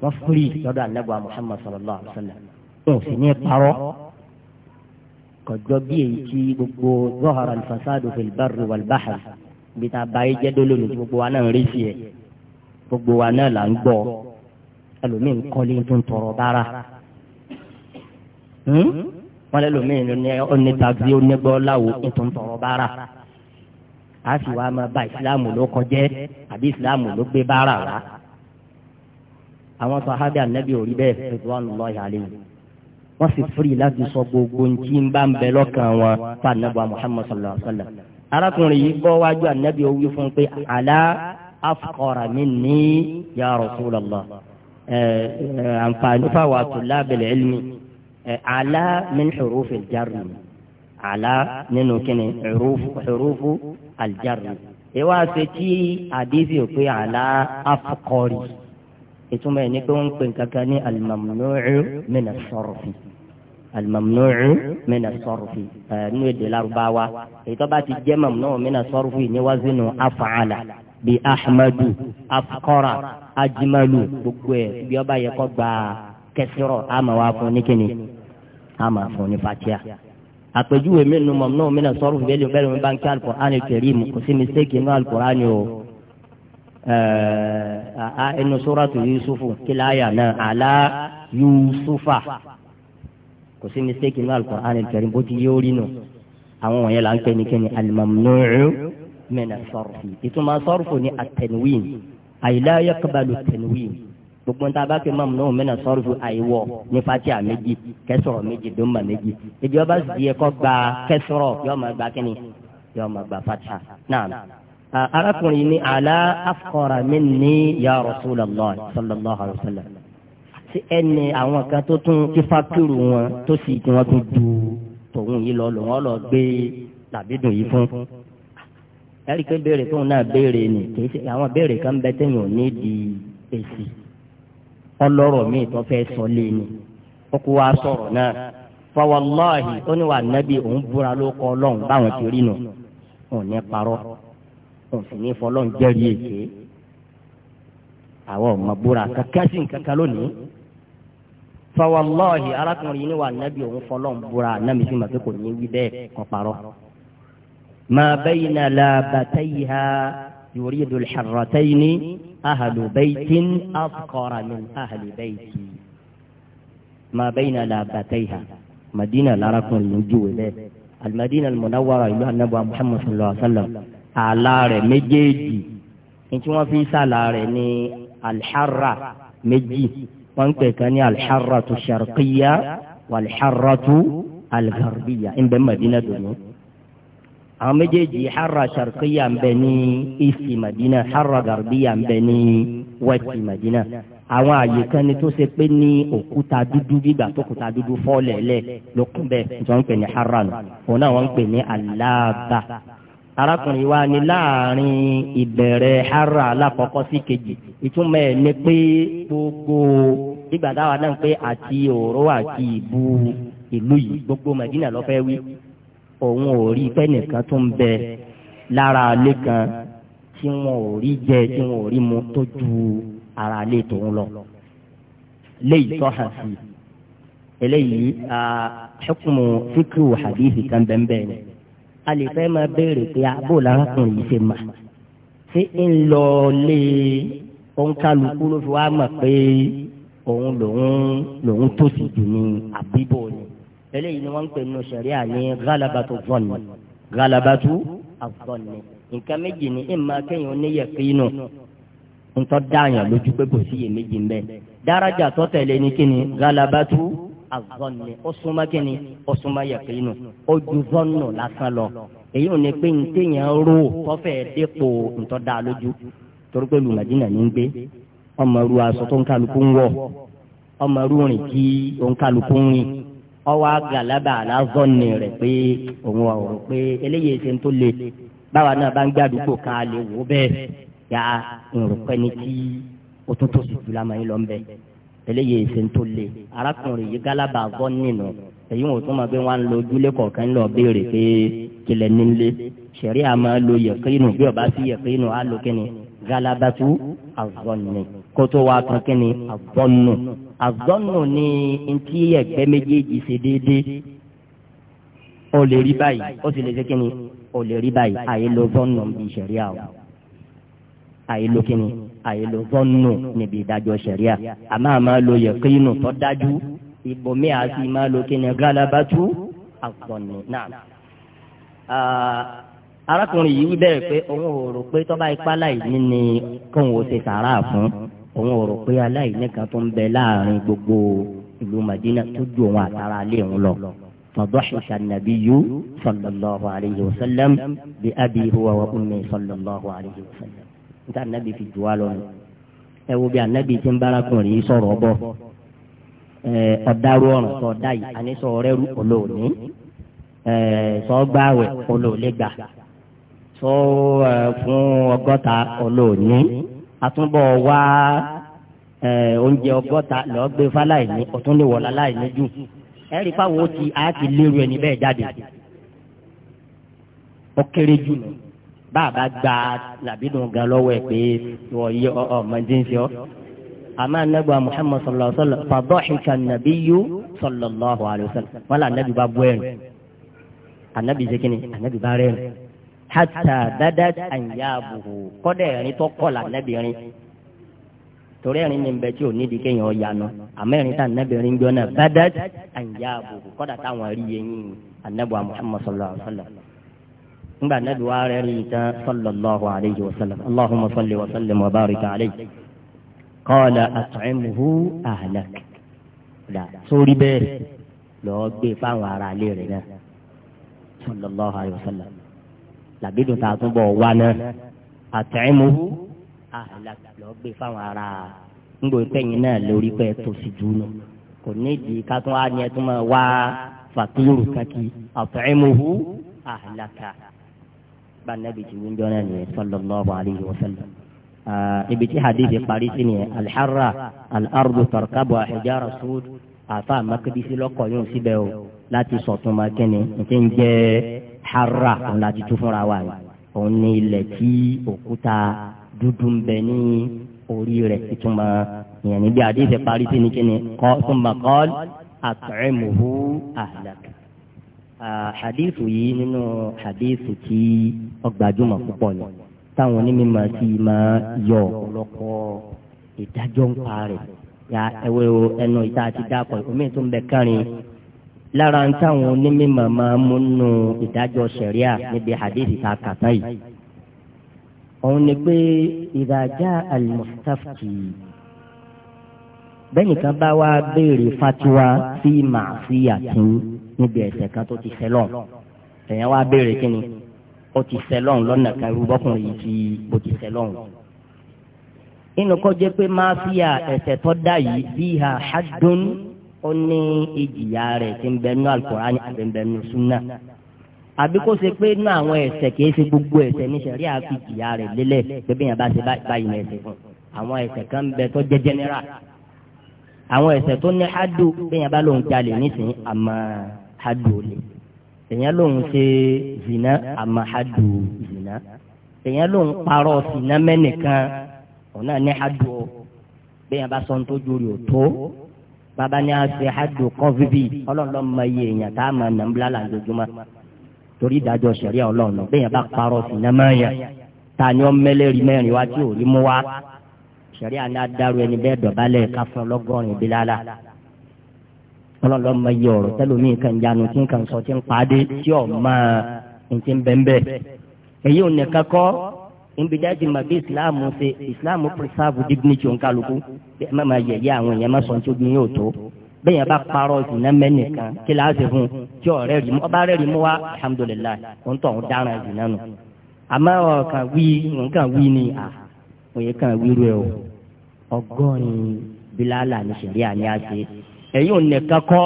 wọn fúri lọ́dọ̀ anabi wa Muhammad sallallahu alaihi wa sallam wọn ò sì ní parọ́ kọjọ bí èyí tí gbogbo zọhara alfasadu fil barri wal bahri bí ta báyé jẹ dolóni gbogbo wa náà ń rí sí ẹ gbogbo wa náà là ń gbọ́ ẹlòmíín kọ́lé tó ń tọrọ bára hmm? wọn lẹlòmíín ní ọ̀nẹ́ tàbí onígbọ́ láwo tó ń tọrọ bára a sì wá máa ba ìsìláàmù ló kọjẹ́ àbí ìsìláàmù ló gbé bára wa àwọn sàhábì ànábì ò rí bẹ́ẹ̀ rẹ̀ wọ́n lọ́ọ́ yà lẹ́yìn wọ́n sì firi láti sọ gbogbo ntí ń bá ń bẹ lọ́kàn wọn fún anabi muhammad sallallahu alaihi wa sallam arákùnrin yìí bọ́ wájú anabi owó fún pé àlá afqara minni ya rasulallah àǹfààní fáwọn àtúlá bẹ̀lẹ̀ ilmi àlá min hurufi al-jarri àlá nínú kíni hurufu al ìwà ṣe tí àdéhùn pé àlá afqari ìtumọ̀ ẹ̀ ní pé wọ́n ń pè kankan ní alimamnu'u mina sọ̀rọ̀fì alimamnu'u mina sọ̀rọ̀fì ẹ̀ nínú èdè Lárúbáwá èyí tó bá ti jẹ́ mamnu'u mina sọ̀rọ̀fì níwájú nù af'ala bí ahmadu afkọ́ra ajimalu gbogbo ẹ̀ bí ọba yẹ kọ́ gba kẹsìrọ̀ àmà wà fún ní kíni àmà fún ní fatia àpèjúwe mi nù mamnu'u mina sọ̀rọ̀fì bẹ́ẹ̀ ni bá ń kí al-Qur'an al kò sí mistake inú al-Qur'an o ẹnu suratu yusufu kílá àyà náà àlá yusufa kò sí mistake inú al-Qur'an al-Karim bó ti yé orí nù àwọn wọ̀nyẹn là ń pè ní kíni al-mamnu'u min as-sarfi ìtumọ̀ sarfu ni at-tanwin ay la gbogbo nta bá fi mọ̀ nínú mẹ́nà sọ́ọ̀rù ní fatia méjì kẹsọ̀rọ̀ méjì dùnmà méjì ìjọba sì yẹ kọ́ gba kẹsọ̀rọ̀ yọ ma gba kínní yọ ma gba fatia náà arákùnrin ní àlá afqara minni ya Rasulullah sallallahu alaihi wa sallam sí ẹni àwọn kan tó tún kí fákìrù wọn tó sì kí wọn tún du tòun yìí lọ lòun lọ gbé làbídùn yìí fún ẹrí pé béèrè tóun náà béèrè ni kì ṣe àwọn béèrè kan bẹ tẹ̀yìn ò di èsì ọlọ́rọ̀ míì tó fẹ́ sọ lé ni ó kó wa sọ̀rọ̀ náà fọwọ́láhì ó ní wà nábì òun búra ló kọ́ ọlọ́run báwọn ti rí nù òun ní parọ́ òfin ní fọlọ́n jẹ́rìí èké àwọn ọmọ búra kankan sí nǹkankan lónìí fawalahi arákùnrin yìí ni wà nábì òun fọlọ́n búra nábì sí màkì kò ní wí bẹ́ẹ̀ kọ́ parọ́ ma bayna labatayha yuridu al-harratayni ahlu baytin afqara min ahli bayti ma bayna labatayha madina larakùnrin yìí júwe bẹ́ẹ̀ al-madina ìlú anabu muhammadu sallallahu alaihi wa sallam ààlà rẹ̀ méjèèjì ní tí wọ́n fi sàlà rẹ̀ ní alḥara méjì wọ́n ń pè kan ní alḥara tu sharqiya wà alḥara tu algarbiya ń bẹ madina dùnú. àwọn méjèèjì hara sharqiya ń bẹ ní isi madina hara garbiya ń bẹ ní wẹ́tì madina àwọn àyè kan ni tó ṣe pé ní òkúta dúdú gbígbà tó kúta dúdú fọ́ọ̀lẹ̀ lẹ̀ ló kún bẹ́ẹ̀ tí wọ́n pè ní hara nù òun náà wọ́n pè ní aláàbà arákùnrin wa ni láàrin ìbẹ̀rẹ̀ hara alákọ̀ọ́kọ́ sí kejì ìtumọ̀ ẹ̀ ni pé gbogbo ìgbà táwa náà pé àti òró àti ìbú ìlú yìí gbogbo Mẹdínà ló fẹ́ wí òun ò rí pé nìkan tó ń bẹ lára ilé kan tí wọn ò rí jẹ tí wọn ò rí mu tó ju ara ilé tòun lọ léyìí tó hàn sí eléyìí hukumu fíkìrù hadithi kan bẹ́ẹ̀ bẹ́ẹ̀ ni a lè fẹ́ máa béèrè pé abó làákùnrin yìí ṣe mà ṣé ń lọ lé òǹkàlùkù ló fi wá mọ̀ pé òun lòun lòun tó sì jù ní àbíbò ni eléyìí ni wọ́n ń pè nínú sẹ̀ríà ní ghalabatu zọ́ọ̀nì ghalabatu azọ́ọ̀nì nǹkan méjì ni ìmọ̀ kéèyàn níyẹ̀ kínú ntọ́ dáàyàn lójú pé kò sí iyèméjì ń bẹ́ẹ̀ dárájà tó ní kíni ghalabatu azọ́ni ó súnmọ́ kíni ó súnmọ́ yẹ̀kínú ó ju zọ́nù lásán lọ èyí ò ní pé ní téèyàn rò tọ́fẹ̀ dépò ntọ́ da lójú torí pé ní gbé ru aṣọ tó ń kálukú ń wọ̀ ọmọ ru rìn kí ó ń kálukú ń rìn ọwọ́ àgàlábà aláàzọ́ni rẹ̀ pé òun pé eléyìí ṣe ń le báwa náà bá ń ká ya nrùpẹ́ni tí tó tó yín lọ ń eléyìí ìsìn tó le arákùnrin yìí gálábà bọ́ nínú èyí wọn tún máa bí wọn lo ojúlé kọ̀ọ̀kan lọ béèrè pé kílẹ̀ nílé sẹ̀rí àmọ́ lo yẹ̀kínù bí ọba sí yẹ̀kínù á lo kíni galabatu azọ́nù kótó wa kan kíni azọ́nù azọ́nù ni ntí ẹ̀gbẹ́ méjèèjì ṣe déédéé ó lè rí báyìí ó sì lè ṣe kíni ó lè rí báyìí àyè lo zọ́nù bíi sẹ̀rí àwọn àyè lo kíni àìlòzọ́nù níbi ìdájọ́ sẹ̀ríà àmọ́ àmọ́ lo yẹ̀kínù tó dájú ìbomi àti máa lo kíni galabatu àgbọ̀nù náà. arákùnrin yìí bẹ̀rẹ̀ pé òun ò rò pé tọ́ba ipá láìní ni kóun ò ṣe sàárà fún òun ò rò pé aláìní kan tó ń bẹ láàrin gbogbo ìlú Madina tó ju òun àtàrà lé òun lọ. فضحك النبي صلى الله عليه وسلم بأبي هو وأمي صلى الله عليه وسلم níta anabi fi jù wá ẹ wo bí anabi ti ń bárakùnrin yìí sọ̀rọ̀ ọbọ ọ̀darú ọ̀ràn sọ ọ̀dá yìí àníṣọ ọ̀rẹ́ rú olóòní sọgbàwẹ̀ olóòlégbà sọ fún ọgọ́ta olóòní àtúbọ̀ wá oúnjẹ ọgọ́ta lọ́ọ́ gbé fáláìní ọ̀túnléwọ̀lá jù ẹ̀rí fáwọn ó ti á lérò ẹni bẹ́ẹ̀ jáde ó jù lọ bàbá gba làbínú gan lọ́wọ́ ẹ̀ pé wọ́n yí ọmọ dín sí ọ. àmọ́ anábìá muhammad sallallahu alayhi wa sallam fadhahika nabiyyu sallallahu alayhi wa sallam wọn là anábì bá bú ẹ̀rìn anábì sẹ́kìnì anábì bá rẹ̀ rìn hatta badat anyabuhu kọ́dẹ̀ ẹ̀rín tó kọ́ là anábì rìn torí ẹ̀rín ní bẹ́ẹ̀ tí ò nídìí kéèyàn yanu àmọ́ ẹ̀rín tá anábì rìn jọ ngba nabi wa rẹ rí tán sallallahu alayhi wa sallam allahumma salli wa sallim wa barik alayhi qala at'imuhu ahlak la sórí bẹ́ẹ̀ lọ́ọ́ gbé fáwọn ará ilé rẹ̀ náà sallallahu alayhi wa sallam làbídùn tá a tún bọ̀ wá náà at'imuhu ahlak lọ́ọ́ gbé fáwọn ará ńgbò tẹ̀yìn náà lórí pé tòsí jù nù kò ní ìdí ká wá ní ẹ máa wá fàkúrú kankí at'imuhu ahlaka bá nàbì tí wọ́n jọ́nà nìyẹn sallallahu alayhi wa sallam. ibi tí hadithi parí sí nìyẹn alḥarra al-ardu tarkabu ahijara suud àfa makadisi lọ́kọ̀ yóò síbẹ̀ o láti sọ̀tún ma kẹ́ni ǹjẹ́ ń jẹ́ harra òun láti tún fúnra wa yìí òun ní ilẹ̀ tí òkúta dúdú ń bẹ ní orí rẹ̀ ìtumọ̀ ìyẹn níbi àdéhìí parí sí ni kọ́ fún makọ́l àtọ̀rẹ́mùhù ahlak hadithu yìí nínú hadithu tí ọgbàjúmọ̀ púpọ̀ ni táwọn onímọ̀ ti máa yọ ọ̀pọ̀lọpọ̀ ìdájọ́ ń pa ya ẹwẹ́ o ẹnu ìta àti dàpọ̀ omi tó ń bẹ kárin lára ń táwọn onímọ̀ máa mú nù ìdájọ́ sẹ̀ríà níbi hadithu ta kàtá yìí òun ni pé ìdájà al-mustafti bẹ́ẹ̀ nìkan bá wá béèrè fatiwa fi màá fi àtúnyìn níbi ẹ̀ṣẹ̀ kan tó ti ṣẹ̀ lọ́n èèyàn wá béèrè kí ni ó ti ṣẹ̀ lọ́n lọ́nà kan irú bọ́kùnrin yìí ti bó ti ṣẹ̀ lọ́n. inú kọ́ jẹ́ pé máa fi à ẹ̀ṣẹ̀ tó dá yìí bí ha hadun ó ní ìjìyà rẹ̀ ti ń bẹ nú alukurani àti ń nú sunna àbí kó ṣe pé nú àwọn ẹ̀ṣẹ̀ kìí ṣe gbogbo ẹ̀ṣẹ̀ ní sẹ̀rí àfi jìyà rẹ̀ lélẹ̀ pé yẹn bá ṣe báyìí ní ẹ̀ṣẹ̀ àwọn ẹ̀ṣẹ̀ kan ń bẹ tó jẹ́ general àwọn ẹ̀ṣẹ̀ tó ní hádùn bí yẹn bá lóun jalè nísìnyí àmọ́ hadu ni èèyàn lòun ṣe zina àmọ́ hadu zina èèyàn lòun parọ́ zina mẹ́nìkan ọ̀nà ní hadu ọ bẹ́ẹ̀ bá sọ ní tó jórí ò tó bàbá ni. a ṣe hadu kọ́fíbì ọlọ́ọ̀lọ́ mọ iye èèyàn tá a mọ̀ nàmbílà làǹdójúmọ́ torí ìdájọ́ sẹ̀ríà ọlọ́ọ̀nà bẹ́ẹ̀ bá parọ́ zina mẹ́yàn ta ni ọ mẹlẹ́rìí mẹ́rin wá tí ò rí mú wá sẹ̀ríà ní adarú ẹni bẹ́ẹ̀ dọ̀bálẹ̀ ká fún ọlọ́gọ́rin ọlọ́lọ́ ma yẹ ọ̀rọ̀ tẹ́lómi kan jánu tí kan sọ tí ń pàdé tí ọ̀ máa ń ti bẹ́ńbẹ́. èyí ò nìkan kọ́ níbi dájú ma bí ìsìláàmù ṣe ìsìláàmù pírísàvù dignity òǹkàlùkù bẹ́ẹ̀ má ma yẹ̀yẹ́ àwọn èèyàn má sọ tí ogun yóò tó bẹ́ẹ̀ yẹn bá parọ́ ìdùnnà mẹ́nìkan kí láti fún tí ọ̀rẹ́ rí mú ọba rẹ̀ rí mú wa alhamdulilayi òun tó ń dára ìdùnnà nù. àmọ́ ọ̀kan wí nǹkan wí ni à òye kan wíru ẹ̀ o ọgọ́rin bílálà ní sẹ̀ríà ní àṣẹ ẹ̀yin ò nìkan kọ́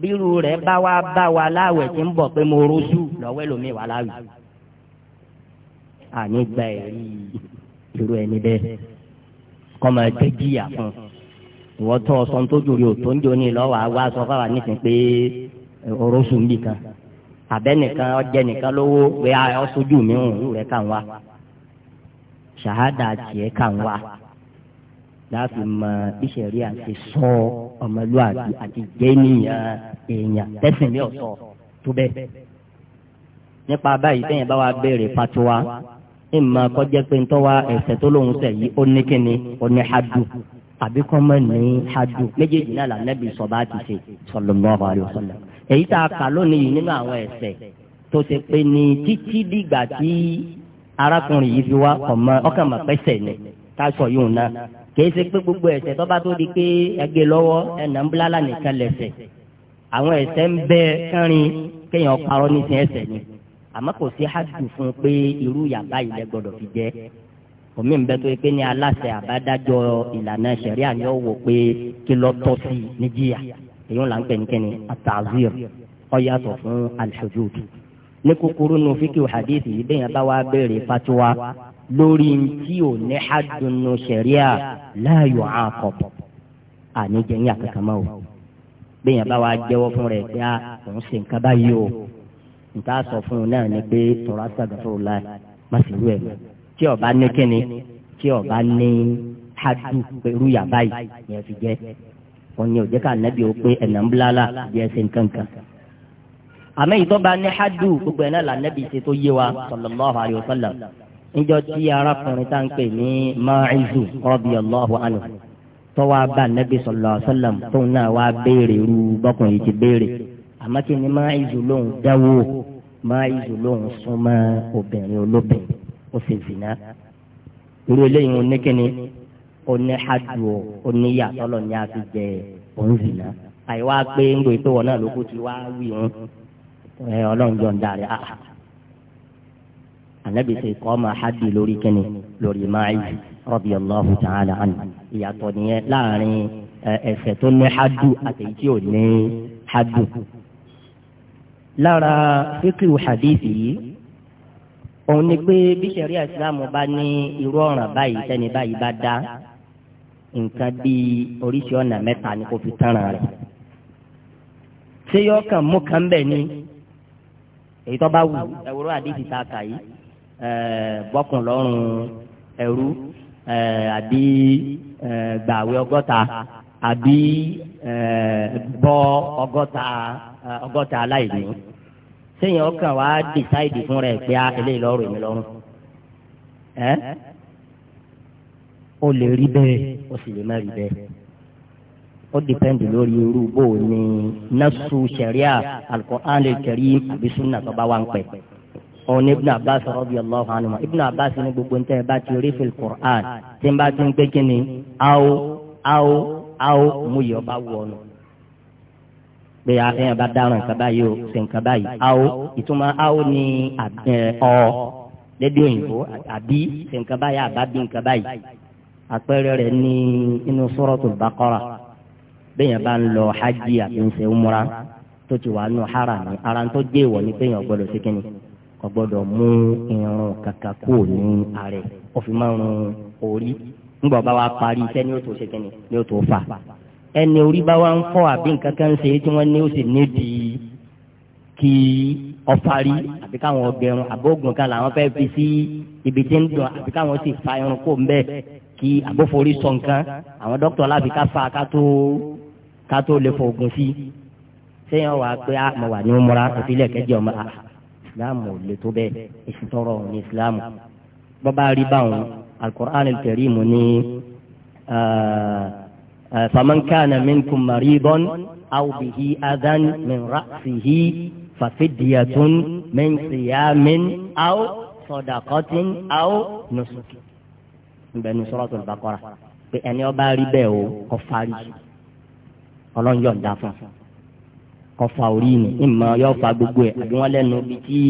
bírú rẹ̀ bá wá bá wa láwẹ̀ tí ń bọ̀ pé mo rojú lọ́wọ́ ẹlòmíì wà láwì. àní gba ẹ̀rí irú ẹni bẹ́ẹ̀ kọ́ máa dé jìyà fún un ìwọ́n tó ọsọ tó jòrè òtó ń jò ní lọ́wọ́ àwa sọ fáwa nísìn pé orosu ń bì kan àbẹ́nìkan ọjẹ́ nìkan lówó pé ọsójú mi ń rú rẹ̀ kàn wá ṣàhádà tiẹ̀ kàn wá láàfin mọ ìṣẹ̀rí àti sọ́ọ́ ọmọlúwàbí àti jẹ́niyàn èèyàn tẹ́sìn ní ọ̀sọ̀ tó bẹ́ẹ̀. nípa báyìí sẹ́yìn bá wa béèrè fatiwa ìmọ̀ kọjá pé ntọ́ wa ẹ̀sẹ̀ tó lóun sẹ̀ yìí ó ní kíni ó ní hadu àbí kọ́ mọ́ ní hadu méjèèjì náà lànàbí sọ̀bá ti ṣe sallallahu alaihi wasallam. èyí tá a kà lónìí nínú àwọn ẹ̀sẹ̀ tó ṣe pé ní títí dìgbà tí arákùnrin yìí fi wá ọmọ ọkàn mọ̀ pẹ́sẹ̀ ni ká sọ yóò náà kìí ṣe pé gbogbo ẹ̀ṣẹ̀ tó bá tó di pé ẹgbẹ́ lọ́wọ́ ẹ̀nà ń bla lánìkan lẹ̀ṣẹ̀ àwọn ẹ̀ṣẹ̀ ń bẹ kẹrin kéèyàn parọ́ nísìn ẹ̀ṣẹ̀ ni àmọ́ kò sí hajj fún pé irú yàrá yìí lẹ gbọ́dọ̀ fi jẹ́ omi ń bẹ tó pé ní aláṣẹ àbádájọ ìlànà ṣẹ̀ríà ni ó wò pé kí lọ tọ́ sí i níjìyà èyí ń là ń pè nìkẹ́ni àtàzír ó yàtọ̀ fún al-hudud ní kúkúrú nu fíkì hadith yìí bẹ́ẹ̀ yẹn bá wá béèrè fatuwa lórí ntí ò ní hadunu sẹ̀ríà láàyò àkọ́ àníjẹ́ ní àkàkàmá o bẹ́ẹ̀ yẹn bá wa jẹ́wọ́ fún rẹ̀ pé ah, òun ṣe nǹkan báyìí o nǹkan sọ fún un náà ni pé tọ́ra sàgàfọ́ la má sì rú ẹ̀ mọ́ tí ọba ní kíni tí ọba ní hadu pẹ̀lú yàrá yìí yẹn fi jẹ́ wọn ni òjẹ́ ká nàbí o pé ẹ̀nà ń bilala jẹ́ ẹsẹ̀ nǹkan kan àmọ́ ìtọ́ba ní hadu gbogbo ẹ̀ náà là nàbí ṣe tó yé wa sallallahu alayhi wa sallam níjọ́ tí arákùnrin tá à ń pè ní Ma'izu radiyallahu anhu tọ́wọ́ abá nẹ́bí sallallahu alaihi wasallam tóun náà wá béèrè irú bọ́kùnrin ti béèrè àmọ́ kí ni Ma'izu lóun dáwó Ma'izu lóun súnmọ́ obìnrin olóbìn ó sì zìnà irú eléyìí wọn ní kíni ó ní hajj o ó ní yàtọ̀ lọ ní a jẹ òun zìnà àyíwá pé ń gbé tó wọn náà lókùtì wá wí wọn ọlọ́run jọ̀ ń darí àhà. Ah, anabi ṣe kọ́ ma hadi lórí kẹ́ni lórí máa yìí radiyallahu ta'ala anhu ìyàtọ̀ nìyẹn láàrin ẹ̀ṣẹ̀ tó ní hadu àtẹ̀yí tí ò ní hadu. lára fíkìrù hadithi yìí òun ni pé bí ṣẹ̀ríà ìsìláàmù bá ní irú ọ̀ràn báyìí tẹ́ni báyìí bá dá nǹkan bíi oríṣi ọ̀nà mẹ́ta ni kò fi tánra rẹ̀. ṣé yọ ọkàn mú kan bẹ́ẹ̀ ni èyí tó bá wù ẹ̀wúrọ̀ àdìsí ta kà yìí bọ́kùn lọ́rùn ẹrú eh, àbí eh, gbàwé ọgọ́ta àbí eh, bọ́ ọgọ́ta ọgọ́ta aláìní sẹ́yìn ọkàn wàá dìsáìdì fún rẹ̀ pé ah, eléyìí lọ́rùn èmi lọ́rùn ẹ́ ó lè rí bẹ́ẹ̀ ó sì lè má rí bẹ́ẹ̀ ó dìpẹ́ndì lórí irú bò ní násù sẹ̀ríà Al-Qur'an al-Karim àbí súnà tó bá wà ń pẹ̀ òun ni ibn abbas radiyallahu anhu ibn abbas ní gbogbo ń tẹ́ ẹ bá ti rí fil qur'an tí n bá ti ń gbé kíni awo awo awo mú yọ bá wọ ọ̀nà pé àfihàn bá dára nǹkan báyìí o ṣe nǹkan báyìí awo ìtumọ̀ awo ni ọ lédè òyìnbó àbí ṣe nǹkan báyìí àbábí nǹkan báyìí àpẹẹrẹ rẹ ní inú suratul baqara bẹ́yẹn bá ń lọ hajj àti ń umra tó ti wà nù hara ní ara tó dé ìwọ ní bẹ́yẹn ọ̀gbọ́dọ̀ sí kínní kò gbọ́dọ̀ mú irun kàkà kú ní ààrẹ ó fi máa ń rún orí nígbà bá wa parí iṣẹ́ ni ó tó ṣe kíni ni ó tó fà ẹni orí bá wa ń fọ́ àbí nǹkan kan ṣe tí wọ́n ní ó sì nídìí kí ọ̀fàrí àbí káwọn ọgbẹ̀rún àbógun kan làwọn fẹ́ fi sí ibi tí ń dùn àbí káwọn sì fa irun kó ń bẹ́ẹ̀ kí àbóforí sọ nǹkan àwọn dókítà láfi ká fa ká tó lè fọ oògùn sí sẹ́yìn wà pé a ah, mọ̀ wà ní múra òfin lẹ́ẹ̀kẹ́jẹ́ ọmọ àhà. Ah, ìsìláàmù ò le tó bẹ́ẹ̀ èsì tọrọ ní ìsìláàmù bọ́bá rí báwọn alukur'an alkarim ní ah, ah, faman kana minkum maridan aw bihi adan min ra'sihi fafidiyatun min siyamin aw sadaqatin aw nusuki. nbẹ ní suratul baqara pé ẹni ó o kó fárí ọlọ́run kọfà orí ni ìmọ̀ yóò fa gbogbo ẹ̀ àbí wọ́n lẹ́nu bí tí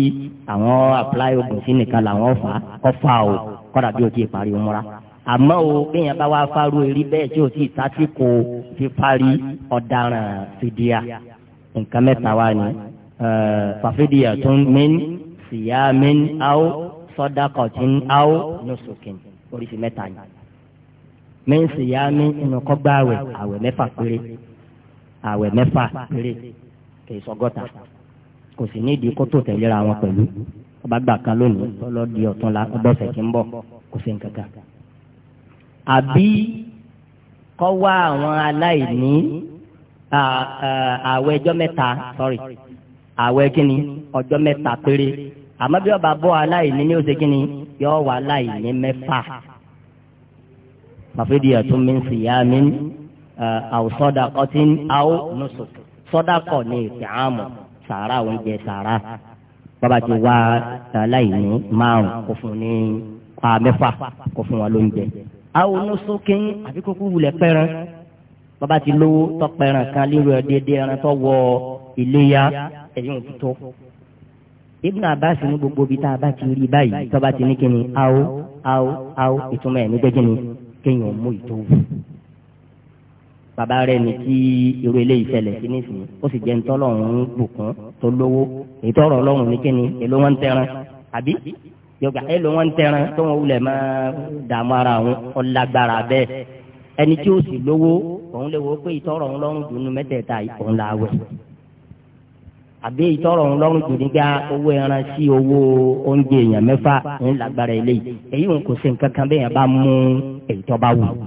àwọn apply oògùn sí nìkan làwọn fà á kọfà o kọ́dà bí o ti parí múra àmọ́ o kéèyàn bá wá fárú eré bẹ́ẹ̀ tí o sì sásìkò fi parí ọ̀daràn fìdíà nǹkan mẹ́ta wá ni eh, fàfidíà tó ń mẹ́ni sìyá mẹ́ni áwò sọ́dákọ̀tún áwò nùsùkìn oríṣi mẹ́ta ni mẹ́ni sìyá mẹ́ni inú kọ́gbà àwẹ̀ àwẹ̀ mẹ́fà péré àwẹ̀ mẹ́fà péré kìí sọgọ́ta kò sì nídìí kó tó tẹ̀léra wọn pẹ̀lú ọba gbà kan lónìí tọ́lọ́ di ọ̀tún la ọbọ̀sẹ̀ tí ń bọ̀ kò sí nǹkan kan. àbí kọ́ wá àwọn aláìní àwẹ̀ ọjọ́ mẹ́ta sorry àwẹ̀ kíni ọjọ́ mẹ́ta péré àmọ́ bí ọba bọ́ aláìní ní oṣù kíni yọ wà aláìní mẹ́fà. màfídìí ẹ̀tún mi ń sì yá mi àwùsọ̀dà kọ́tín àwọ̀ nùsùk sọ́dákọ̀ ni ìtìhámù sàárà oúnjẹ sàárà bàbá ti wá aláìní márùn kó fún ní pa mẹ́fà kó fún wọn lóúnjẹ. àwọn oníṣókè àbí kókó wulẹ̀ pẹ́ràn bàbá ti lówó tọpẹ́ràn kan lérò ẹ̀dẹ́dẹ́ ẹran tó wọ iléyà ẹ̀yìn òtútọ́. Ibn Abbas ní gbogbo ibi tá a bá ti rí báyìí tó bá ti ní kíni awo awo awo ìtumọ̀ ẹ̀ nígbẹ́jìnì kéèyàn mú ìtòwú bàbá rẹ̀ ní tí irú eléyìí ṣẹlẹ̀ sí nísìnyí ó sì jẹ́ ntọ́ lọ́rùn ń bùkún tó lówó ètò ọ̀rọ̀ ọlọ́run ní kíni èló wọn ń tẹran àbí yọgbà èló wọn ń tẹran tó wọn wulẹ̀ máa dààmú ara àwọn ọlágbára bẹ́ẹ̀ ẹni tí ó sì lówó òun lè wo pé ìtọ́rọ̀ òun lọ́rùn dùnú mẹ́tẹ̀ẹ̀ta òun là wẹ̀ àbí ìtọ́rọ̀ òun lọ́rùn dùn nígbà owó ẹran sí owó oúnjẹ èèyàn mẹ́fà òun lágbára eléyìí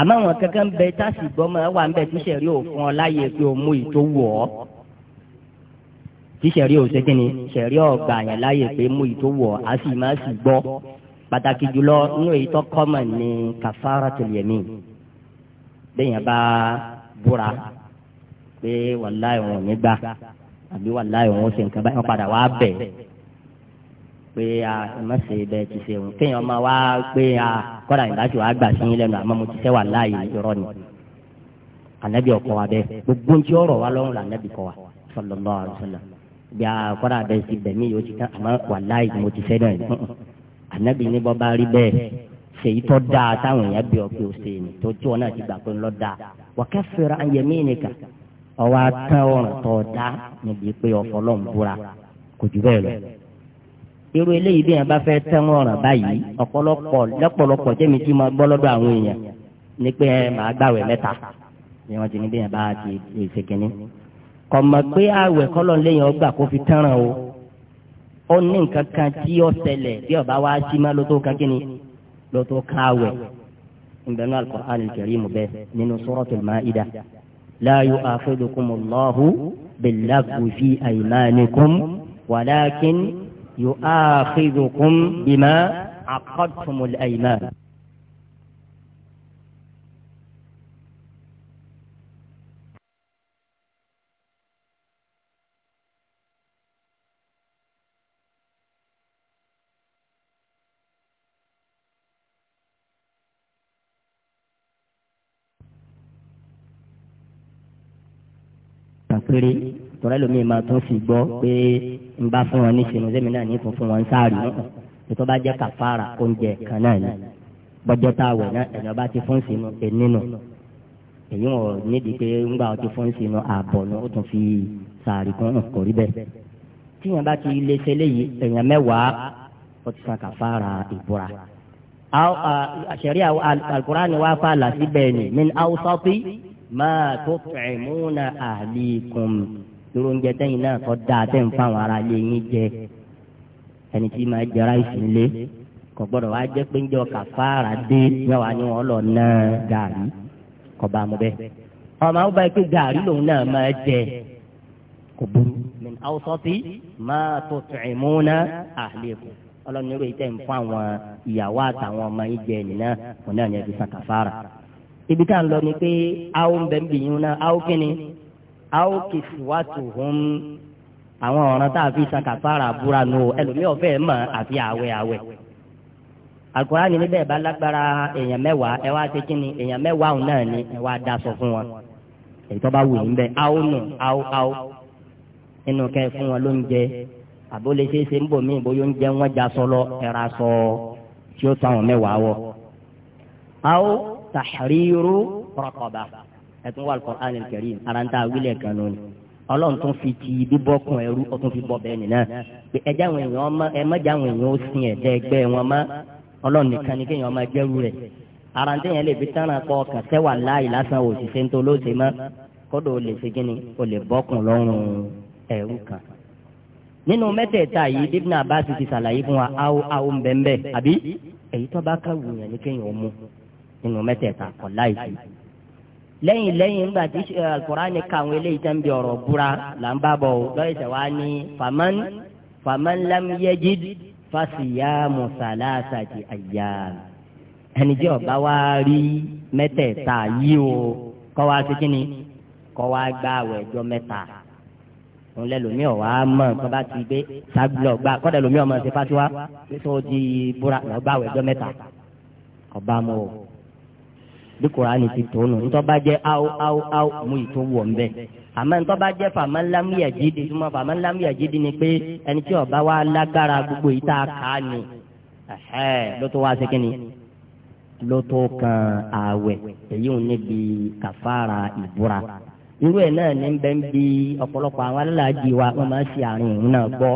àmọ́ àwọn kankan ń bẹ táàsì gbọ́ máa wà ń bẹ tíṣẹ̀ rí òfin ọ pé o mú ìtò wù ọ́ tíṣẹ̀ rí òṣè kí ni ṣẹ̀rí ọ̀gbà yẹn láyè pé mú ìtò wù ọ́ a sì máa sì gbọ́ pàtàkì jùlọ nínú èyí tó kọ́mọ̀ ní kafaratul yamin bẹ́yẹn bá búra pé wàláì wọn ò ní gbà àbí wàláì wọn ò sì ń kaba ẹ̀ padà wá bẹ̀ pé a mọ̀sẹ̀ bẹ́ẹ̀ ti ṣe òun kéèyàn máa wá pé a kọ́ra ìdájọ́ àgbà sí yín lẹ́nu àmọ́ mo ti sẹ́wà láàyè irọ́ ni ànábì ọkọ wa bẹ́ẹ̀ gbogbo ń tí ọ̀rọ̀ wa lọ́rùn làǹdàbì kọ wa sallallahu alaihi wasallam bí a kọ́ra bẹ́ẹ̀ ti bẹ̀ mí yóò ti tán àmọ́ wà láàyè mo ti fẹ́ náà ni ànábì ní bọ́ bá rí bẹ́ẹ̀ ṣèyí tó dáa táwọn èèyàn bí ọkọ ṣe ni tó tí náà ti gbà pé ń lọ dáa wà kaffir an yaminika ọwọ́ atán ọ̀ràn tó dáa níbi pé ọ̀fọ̀ lọ́nbúra kò jù bẹ́ẹ̀ lọ irú eléyìí bí yẹn bá fẹ́ tẹ́wọ́n ọ̀ràn báyìí ọ̀pọ̀lọpọ̀ lọ́pọ̀lọpọ̀ jẹ́mi tí máa gbọ́ lọ́dọ̀ àwọn èèyàn ní pé ẹ máa gbàwẹ̀ mẹ́ta ni wọ́n ti ní bí yẹn bá ti ṣe kínní. kò mọ̀ pé àwẹ̀ kọ́lọ̀ lẹ́yìn ọgbà kó fi tẹ́ràn o ó ní nǹkan kan tí ó ṣẹlẹ̀ bí ọba wa ṣí má lótó kan kínní lótó ká àwẹ̀ nbẹ̀nu al يؤاخذكم بما عقدتم الأيمان Three. tọ́lá lómi máa tún fi gbọ́ pé ń bá fún wọn ní sinu sẹ́mi náà ní fún fún wọn sáàrì náà ètò bá jẹ́ kàfàrà oúnjẹ kan náà ni bọ́jọ́ tá a wọ̀ náà ẹ̀yàn bá ti fún sinu ẹ̀nínú èyí wọn nídìí pé ńgbà ó ti fún sinu ààbọ̀ náà ó tún fi sáàrì kan hàn kórí bẹ́ẹ̀ tíyẹn bá ti lé sẹ́lẹ̀ yìí ẹ̀yàn mẹ́wàá ó ti san kàfàrà ìbúra àṣẹ̀rí alukur'an wa fa làásì bẹ́ẹ̀ ni min awsati ma tut'imuna ahlikum irú oúnjẹ tẹ́yìn náà kọ́ dáa tẹ́ ń fáwọn ará ilé yín jẹ ẹni tí máa jẹ ráìsì ńlẹ̀ kò gbọ́dọ̀ wá jẹ́ pé ń jọ kàfàrà dé yọ̀wá ni wọ́n lọ ná gàrí kọ́ bá mu bẹ́ẹ̀ ọmọ àwọn báyìí pé gàrí lòun náà máa jẹ kò burú min awsati ma tut'imuna ahlikum ọlọ́run nírò ìtẹ̀ ń fún àwọn ìyàwó àtàwọn ọmọ yìí jẹ nìyẹn òun náà ní ẹbí san kàfàrà ibi tá à ń lọ ni pé àwọn bẹ́ẹ̀ ń bì yín náà àwọn kìnnìún àwọn kìsìwàtò hùn àwọn ọ̀ràn tá a fi san kàfàrà búra nù ẹlòmíì ọ̀fẹ́ mọ̀ àfi àwẹ̀ àwẹ̀ àkùrá ni níbẹ̀ bá lágbára èèyàn mẹ́wàá ẹ wá ṣe kíni èèyàn mẹ́wàá òun náà ni ẹ wá daṣọ fún wọn èyí tó bá wù yín bẹ́ẹ̀ áwò nù áwò áwò nínú kẹ́ ẹ fún wọn ló ń jẹ àbó ṣe é ṣe ń bò míì bóyá oúnjẹ wọn já sọlọ ẹ̀rọ aṣọ tí ó tàn mẹ́wàá wọ. áwò tàhírírú rọkọ̀bà ẹtún wà al-Qur'an al-Karim ara ń ta wílẹ̀ kan nù ni ọlọ́run tún fi ti bíbọ́kùn ẹrú ó tún fi bọ́ bẹ́ẹ̀ nìyẹn pé ẹjẹ́ àwọn èèyàn ọmọ ẹ mọ́jà àwọn èèyàn ó sin ẹ̀dá ẹgbẹ́ wọn mọ́ ọlọ́run nìkan ni kéèyàn ọmọ ẹgbẹ́rú rẹ̀ ara ń tẹ̀yàn lè fi tánra pọ̀ kàtẹ́ wà láàyè lásán òṣìṣẹ́ ń tó lóṣè mọ́ kódò ó lè ṣe kí ni ó lè bọ́kùn lọ́rùn ẹrú kan. nínú mẹ́tẹ̀ẹ̀ta yìí Ibn Abbas ti ṣàlàyé fún wa áwó áwó ń bẹ́ẹ̀ àbí èyí tó bá ni kéèyàn ó mú lẹ́yìn lẹ́yìn ńgbà tí eh, alukurani ka àwọn eléyìí tán bí ọ̀rọ̀ búra là ń bá bọ̀ o lọ́yẹ̀ sẹ̀ wá ní faman faman lam yajid fasiyamu salasati ayyam ẹni jẹ́ ọba wa rí mẹ́tẹ̀ẹ̀ta yìí o kọ́ wa sí kí ni kọ́ wa gba àwẹ̀ ọjọ́ mẹ́ta òun lẹ lomi ọwọ amọ nǹkan bá ti gbé sagbulọ gba kọdà lomi ọmọ ṣe fatiwa ṣe di búra lọgbà àwẹ̀ ọjọ́ mẹ́ta ọba mọ o bí kuraani ti tó nù ntọ́ bá jẹ́ aw aw aw mú ìtò wọ̀ ń bẹ́ àmọ́ ntọ́ bá jẹ́ fàmà lámúyà jíde túmọ̀ fàmà lámúyà jíde ni pé ẹni tí ọba wa lágbára gbogbo yìí tá a kà á nù ló tó wá sí kínni ló tó kan ààwẹ̀ èyí ò níbi kàfàrà ìbúra irú ẹ̀ náà ní bẹ́ẹ̀ ń ọ̀pọ̀lọpọ̀ àwọn aláàjì wa wọ́n máa ń ṣe àárín ìrún gbọ́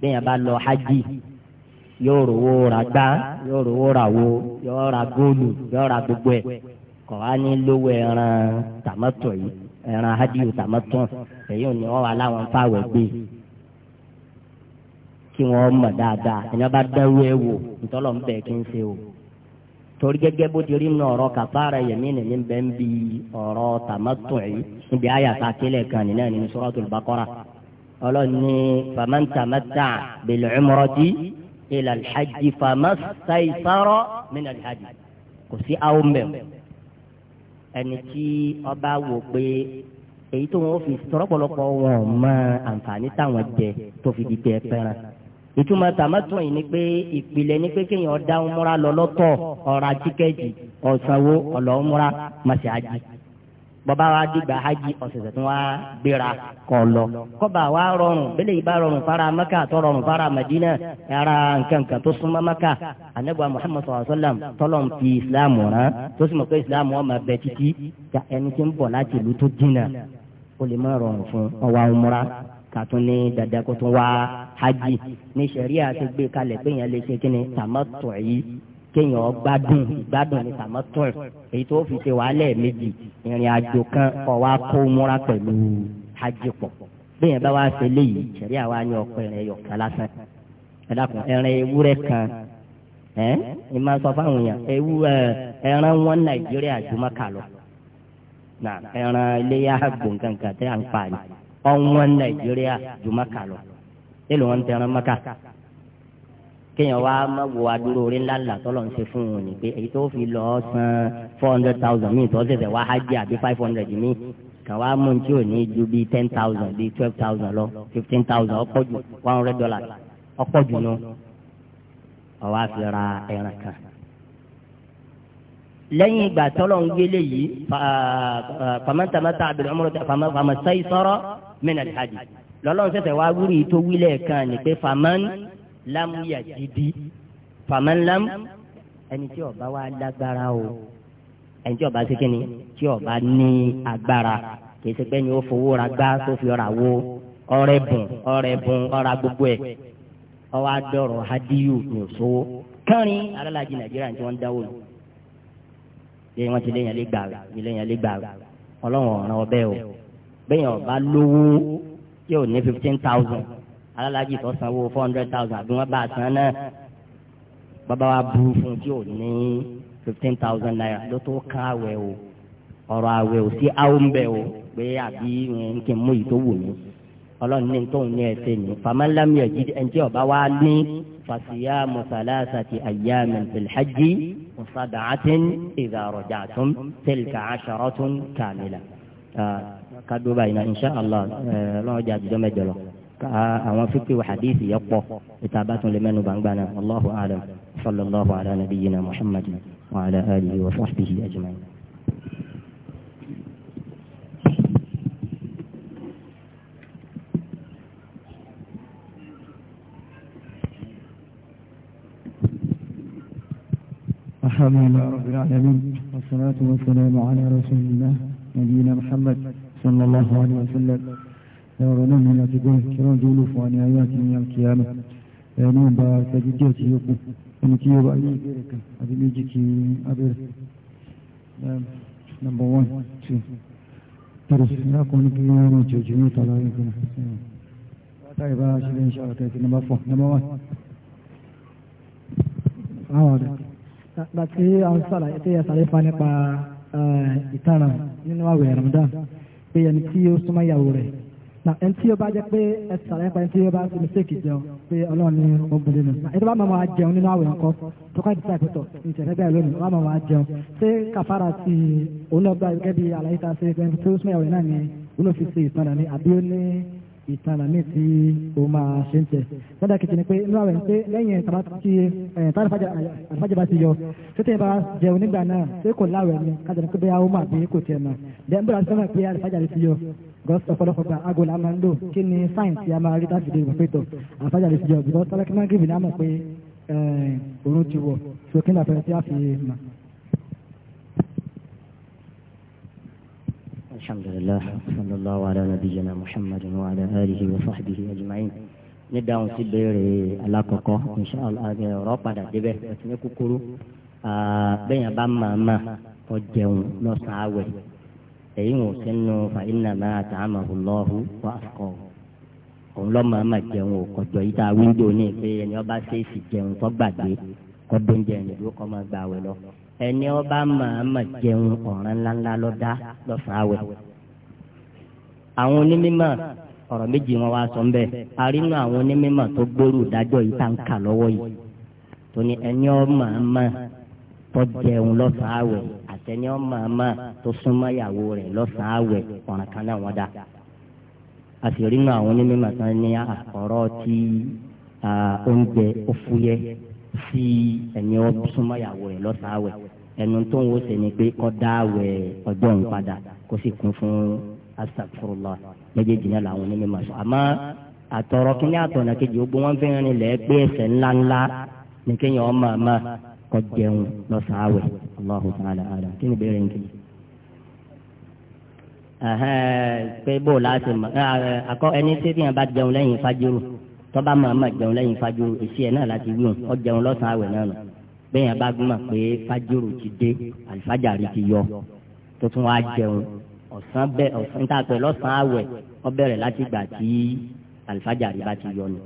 bẹ́ẹ̀ yẹn bá lọ hajj yóò rówó ra gbá yóò rówó ra wo yóò ra góòlù yóò ra gbogbo ẹ kọ́ á ní lówó ẹran tàmọ́tò yìí ẹran hádìú tàmọ́tò èyí ni wọ́n wà láwọn fáwẹ̀ gbé kí wọ́n mọ̀ dáadáa ẹ̀yìn bá dáwọ́ ẹ̀ wò ntọ́lọ̀ ń bẹ̀ kí n ṣe o torí gẹ́gẹ́ bó ti rí nínú ọ̀rọ̀ kàfàrà nìyí bẹ́ẹ̀ ń bi ọ̀rọ̀ yìí níbi àyàtà kílẹ̀ kan ila alhajj famastaysara min alhajj kò sí awo mbẹ ẹni tí ọba wò pé èyí tó wọn fi tọrọpọlọpọ wọn mọ àǹfààní táwọn jẹ tó fi di tẹ pẹran ìtumọ̀ tàmátọ̀ yìí ni pé ìpìlẹ̀ ni pé kéèyàn dá ọmúra lọ lọ́tọ̀ ọ̀rọ̀ ajíkẹ́jì ọ̀sánwó ọ̀lọ́ọ̀múra màsí bàbá wa dìgbà hajj ọ̀sẹ̀sẹ̀ tí wọ́n á gbéra kọ́ lọ. kọ́ba wa rọrùn bẹ́lẹ̀ yìí bá rọrùn fara maka tó rọrùn fara madina ara nǹkan kan tó súnmọ́ maka anagba muhammad sallallahu alayhi wa sallam tọ́lọ̀ ń fi islam rán tó sì mọ̀ pé islam wọn máa bẹ títí ka ẹni tí ń bọ̀ láti ìlú tó dínà ó lè má rọrùn fún ọwọ́ àwọn kàtún ní dada kó tún wá hajj ní sẹ̀ríà ti gbé kalẹ̀ pé yẹn lè ṣe kíni tàmátọ̀ yìí kéèyàn gbádùn gbádùn ní tàmọ́tún èyí tó fi ṣe wàhálẹ̀ méjì ìrìn àjò kan kọ̀ wá kó múra pẹ̀lú hajj pọ̀ bẹ́ẹ̀ bá wá ṣe léyìí ṣẹ̀rí àwa ni ọ̀pọ̀ ẹ̀rẹ̀ yọ̀kan lásán ẹ̀dàkùn ẹ̀rẹ̀ ewúrẹ́ kan ẹ̀ ẹ̀ máa sọ fáwọn èèyàn ewu ẹran wọn nàìjíríà jùmọ̀ kà lọ na ẹran iléyà gbòǹkankan tẹ́ à ń pa ni ọ̀wọ́n nàìjíríà jùmọ̀ kà lọ ẹ̀ lọ́wọ́n tẹ̀ràn mọ́kà kéèyàn wá wo adúró orí ńlá ńlá tọ́lọ̀ ń ṣe fún un ní èyí tó fi lọ san four hundred thousand míì tó ṣẹ̀ṣẹ̀ wá hajj àbí five hundred míì kàn wá mú tí ò ní ju bíi ten thousand bíi twelve thousand lọ fifteen thousand ọ̀pọ̀ jù one hundred dollars ọ̀pọ̀ jù nù ọ̀wá fi ra ẹran kan lẹ́yìn ìgbà tọ́lọ̀ ń gbélé yìí fàmátàmátà àbẹ̀rẹ̀ ọmọdé fàmásá ìsọ̀rọ̀ mẹ́nà ìhàjì lọ́lọ́run ṣẹ̀ṣẹ̀ wá kan ní pé lámúyà gidi fàmẹ́lẹ́m ẹni tí ọba wa lágbára o ẹni tí ọba ṣe kí ni tí ọba ní agbára kì í ni ó fowó ra gbá tó fi ọ̀rà wo ọrẹ bùn ọrẹ bùn ọrà gbogbo ẹ ọwọ́ adọ̀rọ̀ hadiyu ní òṣòwò kẹrin alálàájì nàìjíríà tí wọ́n ń dáwọ́ lù bí wọ́n ti léyìn alẹ́ gbàrú léyìn alẹ́ gbàrú ọlọ́run ọ̀ràn ọbẹ̀ o bẹ́ẹ̀ ọba lówó yóò ní fifteen thousand alálàájì tó sanwó four hundred thousand àbí wọ́n bá a san náà bàbá wa bu fún tí ò ní fifteen thousand naira ló tó kán àwẹ̀ o ọ̀rọ̀ àwẹ̀ ò sí àwọn bẹ̀ o pé àbí nkè mú yìí tó wù mí ọlọ́run ní tóun ní ẹsẹ̀ ní famalami ẹ̀jí ẹ̀jí ọba wa ní fasiya musalasati ayyamin filhaji musadaatin idarojatun tilka asharatun kamila. kaduba yìí na insha allah ọlọ́run jẹ́ àdìjọ́ mẹ́jọ lọ. àwọn fíkì wa hadithi yẹ pọ̀ ìta bá tún lè mẹ́nu gbangba náà allahu alam sallallahu ala nabiyyina muhammad wa ala alihi wa sahbihi ajma'in. الحمد لله رب العالمين والصلاة والسلام على رسول الله نبينا محمد صلى الله عليه وسلم ẹ̀rọ náà ní àti gbọ́n kí wọ́n jẹ́ olófin wa ní ayé àti ní àkíyàmẹ́ ẹ̀ náà bá tẹ́jú díẹ̀ tí yóò kù ẹni tí yóò bá yí ìbéèrè kan àbí méjì kí abẹ́rẹ́ number one two tẹ̀rẹ̀ sí ní akọni kí wọ́n rìn jòjì ní ìtàlá yìí kan látàrí bá ṣe lè ṣàlọ́ kẹ́kẹ́ number four number one. àwọn ọ̀dọ́. gbàtí àwọn sọ̀rọ̀ ètò ìyàsàlẹ̀ fa nípa ìtara nínú àwẹ̀ Ramadan na ẹni tí o bá jẹ pé ẹ sàlẹ̀ pa ẹni tí o bá ti mistake jẹun pé ọlọ́run ní obìnrin nù. ẹni tó bá máa ma jẹun nínú àwẹ̀ ńkọ́ tó ká ìdíjà ìpẹ́tọ̀ ìjẹ̀fẹ́ bẹ́ẹ̀ lónìí wọ́n máa ma jẹun. ṣé kàfàrà ti òun náà gba gẹ́gẹ́ bí àlàyé ṣe pé tó súnmọ́ ìyàwó náà ni òun náà fi ṣe ìtàn ìtànà mi tí o máa ṣe ń tẹ̀. lọ́dà kìtì ni pé inú àwẹ̀ ń pé lẹ́yìn tàbá ti tàbí àlùfájà bá ti yọ tó tẹ̀ bá jẹun nígbà náà pé kò láwẹ̀ ni kájà ní pé bóyá ó máa bí kò tiẹ̀ mọ̀. dẹ́n bóyá sọ́nà pé àlùfájà ti yọ gọ́ọ̀sì ọ̀pọ̀lọpọ̀ gba aago la máa ń lò kí ni sáyẹ̀nsì a máa rí láti dé ìwọ̀n pétọ̀ àlùfájà ti yọ bìkọ́ sábẹ́kí máa ń gbìyànjú الحمد لله صلى الله على نبينا محمد وعلى آله وصحبه أجمعين nídáhùn sí béèrè alákọ̀ọ́kọ́ inṣàlá ọ̀rọ̀ padà débẹ̀ ẹ̀sìn ní kúkúrú bẹ́yàn bá màmá ọ jẹun lọ́sàn-án àwẹ̀ èyí ń sínú fàyínà máa tà á màhùn lọ́hùn wà kọ́ òun lọ́ màmá jẹun ò kọjọ yìí tá a wí ń dò ní pé ẹni ọba ṣèèṣì jẹun tó gbàgbé kọ́ dóúnjẹ ìlú kọ́ máa gbà wẹ̀ lọ ẹni ọba màmá jẹun ọ̀ràn ńláńlá lọ́dá lọ́sàn-án àwẹ̀. àwọn onímọ̀ ọ̀rọ̀ méjì wọn wá sọ ńbẹ arínú àwọn onímọ̀ tó gbóòrò dájọ́ yìí tá ń kà lọ́wọ́ yìí tó ní ẹni ọmọ àmọ́ tó jẹun lọ́sàn-án àwẹ̀ àtẹni ọmọ àmọ́ tó súnmọ́ ìyàwó rẹ̀ lọ́sàn-án àwẹ̀ ọ̀ràn kan náà wọ́n dá àṣírí nù àwọn onímọ̀ tán ní àkọ́rọ́ tí oúnjẹ ó fúyẹ́ sí ẹni ọ súnmọ́ ìyàwó rẹ̀ lọ́sàáwẹ̀ ẹnu tó ń wo ṣe ni pé kọ́ dá àwẹ̀ ọjọ́ òun padà kó sì kún fún astaghfirullah méjèèjì náà làwọn onímọ̀ sọ àmọ́ àtọ̀rọ̀ kínní àtọ̀nà kejì ó gbé wọn fẹ́ rin lẹ́ pé ẹsẹ̀ ńláńlá ní kéèyàn ọmọ àmọ́ kọ́ jẹun lọ́sàáwẹ̀ Allahu ta'ala àdá kí ni ìbéèrè nìkejì pé bó o láti mọ̀ ẹni tí yẹn bá jẹun lẹ́yìn fájúrù tọ́ba màmá jẹun lẹ́yìn fajoro èsì ẹ̀ náà láti wíwọ̀n ọ jẹun lọ́sàn-án àwẹ̀ náà nù bẹ́ẹ̀ yẹn bá gbọ́mọ̀ pé fajoro ti dé àlìfájàrí ti yọ tó tún wá jẹun ọ̀sán bẹ́ẹ̀ ọ̀sán níta pẹ̀ lọ́sàn-án àwẹ̀ ọ bẹ̀rẹ̀ láti gbà tí àlìfájàrí bá ti yọ nù.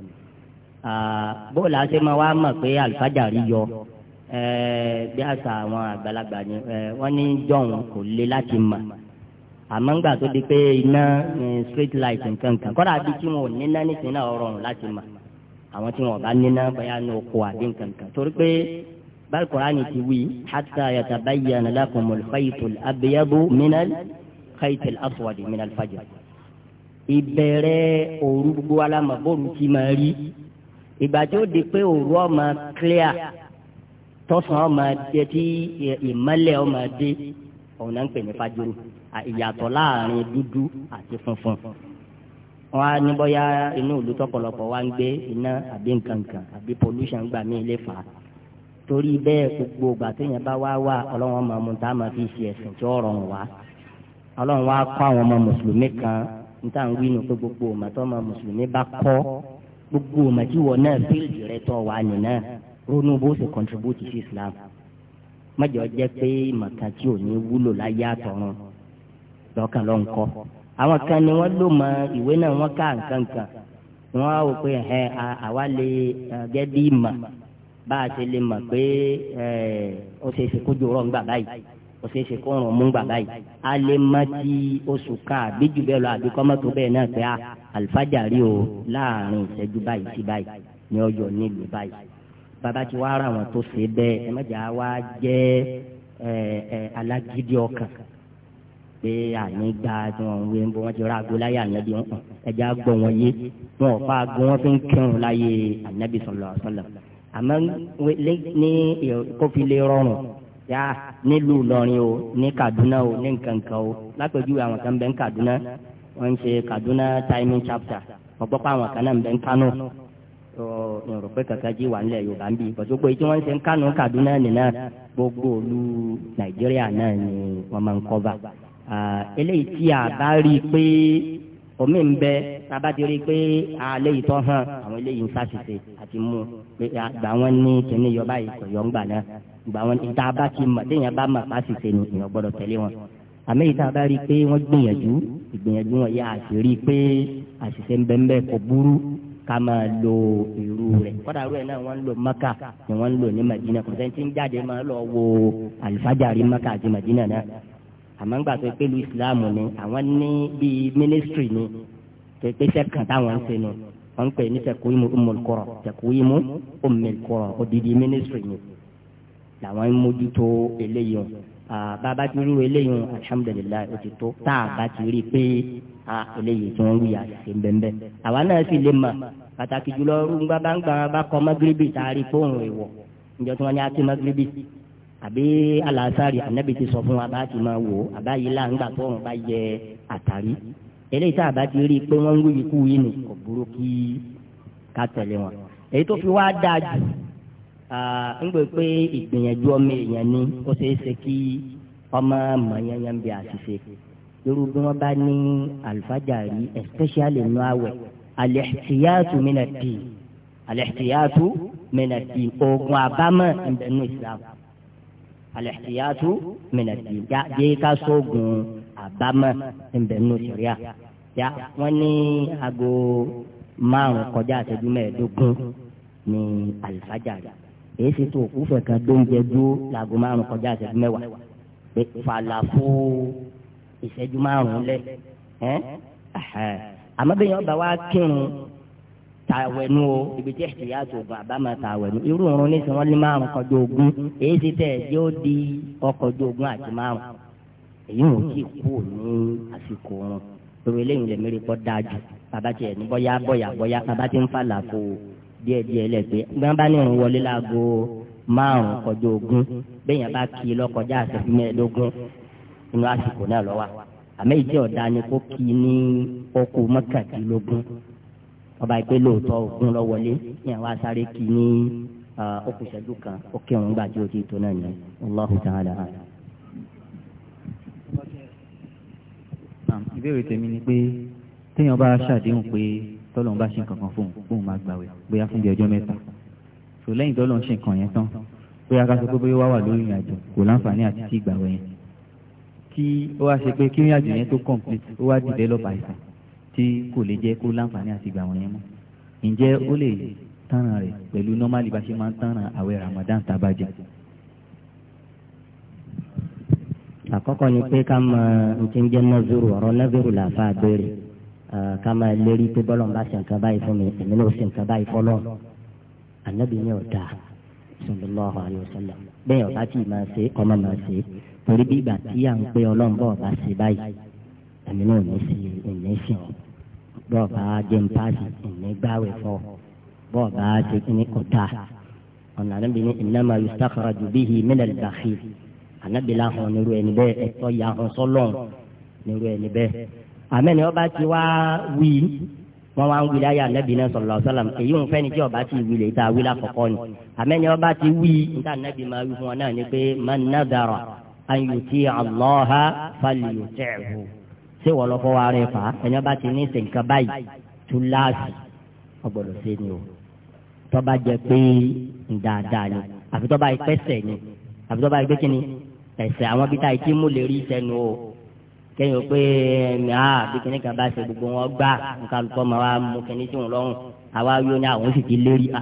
bóòlù àti ma wá mọ̀ pé àlìfájàrí yọ bí àṣà àwọn àgbàlagbà ni wọ́n ní jọ̀hún kò le láti mọ̀ àmọ́ ńgbà tó di pé iná eh, street light nǹkan kan kọ́dà bí tí wọn ò níná nísìnyí náà rọrùn láti mọ̀ àwọn tí wọn ò bá níná bóyá ní oko àbí nǹkan kan torí pé bal ti wí hatta yatabayyana lakumul khaytul abyadu minal khaytil aswadi minal fajr. ìbẹ̀rẹ̀ òru gbogbo alámọ̀ bóòlù ti máa rí ìgbà tó di pé òru ọmọ clear tọ́sán ọmọ dé tí eh, ìmọ́lẹ̀ ọmọ dé òun ìyàtọ̀ láàrin dúdú àti funfun wọn á ní bóyá inú ìlú tọ̀pọ̀lọpọ̀ wa ń gbé iná àbí nkankan àbí pollution gbà mí lè fà á torí bẹ́ẹ̀ gbogbo ìgbà téèyàn bá wá wà ọlọ́run máa mú tá a máa fi ṣe ẹ̀sìn tí ó rọrùn wá ọlọ́run wá kọ́ àwọn ọmọ mùsùlùmí kan níta ń wínu pé gbogbo ọmọ tó ọmọ mùsùlùmí bá kọ́ gbogbo ọmọ tí wọ́n náà fíìlì rẹ tọ́ wà nínú ronú bó ṣe contribute sí Islam mọ́jọ́ jẹ́ pé màkà tí ò ní wúlò láyé àtọ̀run lọ́kàn ló ń kọ́ àwọn kan ni wọ́n lò mọ ìwé náà wọ́n ká nǹkan kan wọ́n á wò pé ẹ̀ àwa lè gẹ́ bí mà bá a ṣe lè mọ̀ pé ó ṣe ṣe kó jòrọ̀ ńgbà báyìí ó ṣe ṣe kó rùn mú ńgbà báyìí a lè mọ ti oṣù kan àbí jù bẹ́ẹ̀ lọ àbí kọ́mọ́tò bẹ́ẹ̀ náà pé àlùfájàrí o láàrin ìṣẹ́jú báyìí sí báyìí ni ọyọ nílùú báyìí bàbá tí wàá ra àwọn tó ṣe bẹ́ẹ̀ ẹ mọ̀jà wá jẹ́ alágídí ọkàn pé àní gba tí wọn ń wé ń bọ wọn ti rà ago láyé ànábi wọn ẹjẹ agbọ wọn yé wọn ò fa ago wọn fi ń kírun láyé ànábi sọlọ sọlọ àmọ́ ní kófí lè rọrùn yá nílùú lọrin o ní Kaduna o ní nkankan o lápẹjúwe àwọn kan bẹ ń Kaduna wọn ń ṣe Kaduna timing chapter wọn gbọ́ pé àwọn kan náà ń bẹ ń Kano n rò pé kankan jí wà nílẹ̀ Yorùbá ń bí pọ̀tù pé tí wọ́n ṣe ń Kano Kaduna nìna gbogbo olú Nàìjíríà náà ni wọ́n máa ń kọ́ bá. Ah, eléyìí tí a bá rí i pé omi ń bẹ tába ti rí i pé alẹ́ yìí tọ́ hàn àwọn eléyìí ń ṣàṣìṣe àti mú pé àgbà ah, wọn ní kíní yọba yìí kò yọ ń gbà náà gbà wọn ìta bá ti mọ̀ téèyàn bá mọ̀ ṣàṣìṣe ni èèyàn gbọ́dọ̀ tẹ̀lé wọn àmì ìta bá rí i pé wọ́n gbìyànjú ìgbìyànjú wọn yá àti rí i pé àṣìṣe ń bẹ ń bẹ kò burú ká máa lo irú rẹ̀ kọ́dà rú ẹ̀ náà wọ́n ń lo maka ni wọ́n ń lo ní madina kò sẹ́ni tí ń jáde máa lọ wo àlùfájàrí maka àti madina náà àmọ́ ń gbà tó pé lu islam ni àwọn ní bíi ministry ni tó pé sẹ́kàn táwọn ń ṣe nu wọ́n ń pè ní tẹ̀kúímù ọmọlùkọ́rọ̀ tẹ̀kúímù ọmọlùkọ́rọ̀ odidi ministry ni làwọn ń mójútó eléyìí o bàbá ti rú eléyìí o alhamdulilayi o ti tó tá a bá ti rí i pé a eléyìí tí wọ́n wí àṣìṣe bẹ́ẹ̀ àwa náà sì lè mọ̀ pàtàkì jùlọ rúgbà bá ń gbà bá kọ́ mọ́gíríbì àbí alasari anabi ti sọ fún wa bá ti máa wò àbá yìí là ń gbà tó wọn bá yẹ àtàrí eléyìí tá a bá ti rí i pé wọ́n ń wí ikú yìí ni kò burú kí ká tẹ̀lé wọn. èyí tó fi wá dáa jù ń gbé pé ìgbìyànjú ọmọ èèyàn ni ó ṣeé ṣe kí ọmọ mọ̀nyányán bí àṣìṣe. irú bí wọ́n bá ní àlùfájàrí especially nínú àwẹ̀ al-ihtiyatu min ad-din al-ihtiyatu min ad-din oògùn ń bẹ nínú Islam al-ihtiyatu min ad-din já jẹ́ ká sóògùn àbámọ̀ ńbẹ̀ nínú sẹ̀ríà já wọ́n ní aago márùn kọjá àtẹ́jú mẹ́ẹ̀ẹ́dógún ní àlìfájàrí èyí sì tó òkú fẹ̀ka dóúnjẹ dúró láago márùn kọjá àtẹ́jú mẹ́wàá pé fàlàfó ìṣẹ́jú márùn lẹ̀ ẹ́ àmọ́ bẹ́ẹ̀ yẹn ọba wa kírun tàwẹ̀nù o ibi tí ẹ̀sìn yá tó bàbá máa tàwẹ̀nù irú òun ní sọ wọ́n lé márùn kọjọ ogun èyí ti tẹ̀ yóò di ọkọjọ ogun àti márùn èyí wọn kì í kú ní àsìkò wọn torí eléyìí lè mérí kọ́ dájú bàbá tiẹ̀ ní bọ́yá bọ́yá bọ́yá bàbá ti ń falà fo díẹ̀díẹ̀ lẹ́gbẹ̀ẹ́ gbọ́n bá ní ìrùn wọlé láago márùn kọjọ ogun bẹ́ẹ̀ yẹn bá kì í lọ́kọjá àṣẹfún mẹ́ẹ̀ẹ́dógún inú àsìkò náà lọ́wọ́ àmọ́ ìdí ọ̀dà ọba ìpè lóòótọ́ ogun lọ wọlé ní àwọn asáré kì í ní okùnṣẹ́jú kan ó kírun gbà tí ó ti tó náà ní Allahu ta'ala. ìbéèrè tèmi ni pé téèyàn bá ṣàdéhùn pé tọ́lọ́n bá ṣe nǹkan kan fóun fóun máa gbàwẹ̀ bóyá fún bí ọjọ́ mẹ́ta tò lẹ́yìn tọ́lọ́n ṣe nǹkan yẹn tán bóyá ká sọ pé bóyá wà wà lórí ìrìn àjò kò láǹfààní àti tí ìgbàwẹ̀ yẹn tí ó wá ṣe pé kí ìrìn àjò yẹn tó complete ó wá develop àìsàn tí kò lè jẹ́ kó láǹfààní àti ìgbà wọ̀nyẹn mọ́ ǹjẹ́ ó lè tánràn rẹ̀ pẹ̀lú nọ́málì bá ṣe máa ń tánràn àwẹ̀ Ramadan tábàjẹ́. àkọ́kọ́ ni pé ká mọ ntí ń jẹ́ nọ́ọ̀zùrù ọ̀rọ̀ nọ́ọ̀zùrù làáfà béèrè ká máa lérí pé bọ́lọ̀ ń bá ṣe nǹkan báyìí fún mi èmi náà ṣe nǹkan báyìí fọ́lọ́ ànábì ní ọ̀dà sallallahu alaihi wasallam bẹ́ẹ̀ ọ̀bá tí máa ṣe ọmọ máa ṣe torí bí ìgbà ọ̀ bọ́ọ̀bá jẹun páàsì ìnígbàwẹ̀ fọ́ bọ́ọ̀bá ṣe kíní ọ̀tá ọ̀nà ànábì ní ìnáma yusufakara ju bíhi mílẹ̀ bàkì ànábì láhùn nírú ẹni bẹ́ẹ̀ ẹ̀tọ́ yà hàn sọ́lọ̀ nírú ẹni bẹ́ẹ̀ àmẹ́ni ọba ti wá wí wọ́n wá ń wí láyé ànábì náà sọ̀rọ̀ lọ́sọ̀làm èyí ń fẹ́ ni tí ọba ti wí lè ta wí lákọ̀ọ́kọ́ ni àmẹ́ni ọba ti wí níta ànábì máa wí fún wọn náà ni pé man nadara an yuti allaha fal yuti'hu ṣé wọ́n lọ fọwọ́ ara ẹ̀ fà á ẹ̀yàn bá ti ní ṣe nǹkan báyìí túláàsì ọgbọ́dọ̀ ṣe ni o tọ́ba jẹ pé dáadáa ni àfi tọ́ba yìí pẹ́sẹ̀ ni àfi tọ́ba yìí pé kíni ẹ̀sẹ̀ àwọn bíi táyì tí mo lè rí sẹ́nu o kẹ́yìn o pé ẹ̀mí a bí kíní kan bá ṣe gbogbo wọn gbà nǹkan lùkọ́ máa wá mú kíní sí òun lọ́rùn àwa yóò ní àwọn sì ti lérí a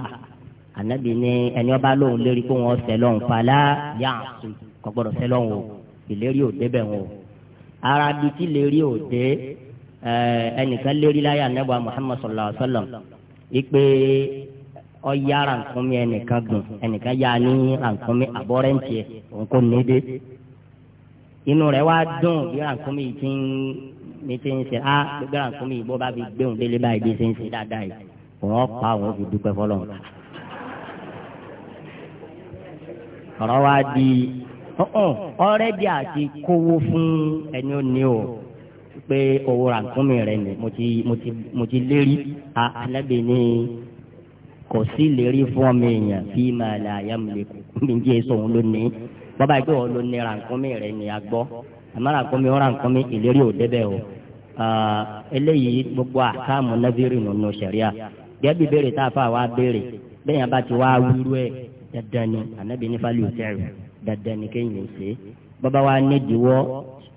ànábì ni ẹni ọba lóun lérí kó wọn sẹ lọ́hùn yá kò gbọ́dọ̀ sẹ o ìlérí ò débẹ̀ wọn o ara bíi tí lérí òde ẹnìkan lérí láyà nẹ́bà Muhammad sallallahu alaihi wa sallam ipe ọya rànkúnmí ẹnìkan gùn ẹnìkan yá ní rànkúnmí àbọ̀rẹ́ǹtì ẹ̀ òun kò ní dé inú rẹ̀ wá dùn bí rànkúnmí yìí ti ń ní ti ń ṣe á gbogbo rànkúnmí yìí bó bá fi gbé òun délé báyìí bí ṣe ń ṣe dáadáa yìí òun ọ̀pá òun fi dúpẹ́ fọlọ́run ọ̀rọ̀ wá di ọ̀rẹ́ uh-uh. bí àti kówó fún ẹni ó ní o pé owó ràǹkúnmí rẹ ni mo ti mo ti mo ti lérí anábì ní kò sí lérí fún ọmọ èèyàn bí màá là yá mi lè kú mi jẹ́ èso òun lónìí bọ́bá ìgbé wọn ló ní ràǹkúnmí rẹ ni a gbọ́ àmọ́ ràǹkúnmí ó ràǹkúnmí ìlérí ò débẹ̀ o eléyìí gbogbo àkàmù nàbírì nínú sẹ̀ríà gẹ́gẹ́ béèrè tá a fà wá béèrè bẹ́ẹ̀ yẹn bá ti wá wúrú ẹ̀ dandan ni ànábì nífàlì ò tẹ̀rù dada ni kéèyàn ṣe bàbá wa nídìíwọ́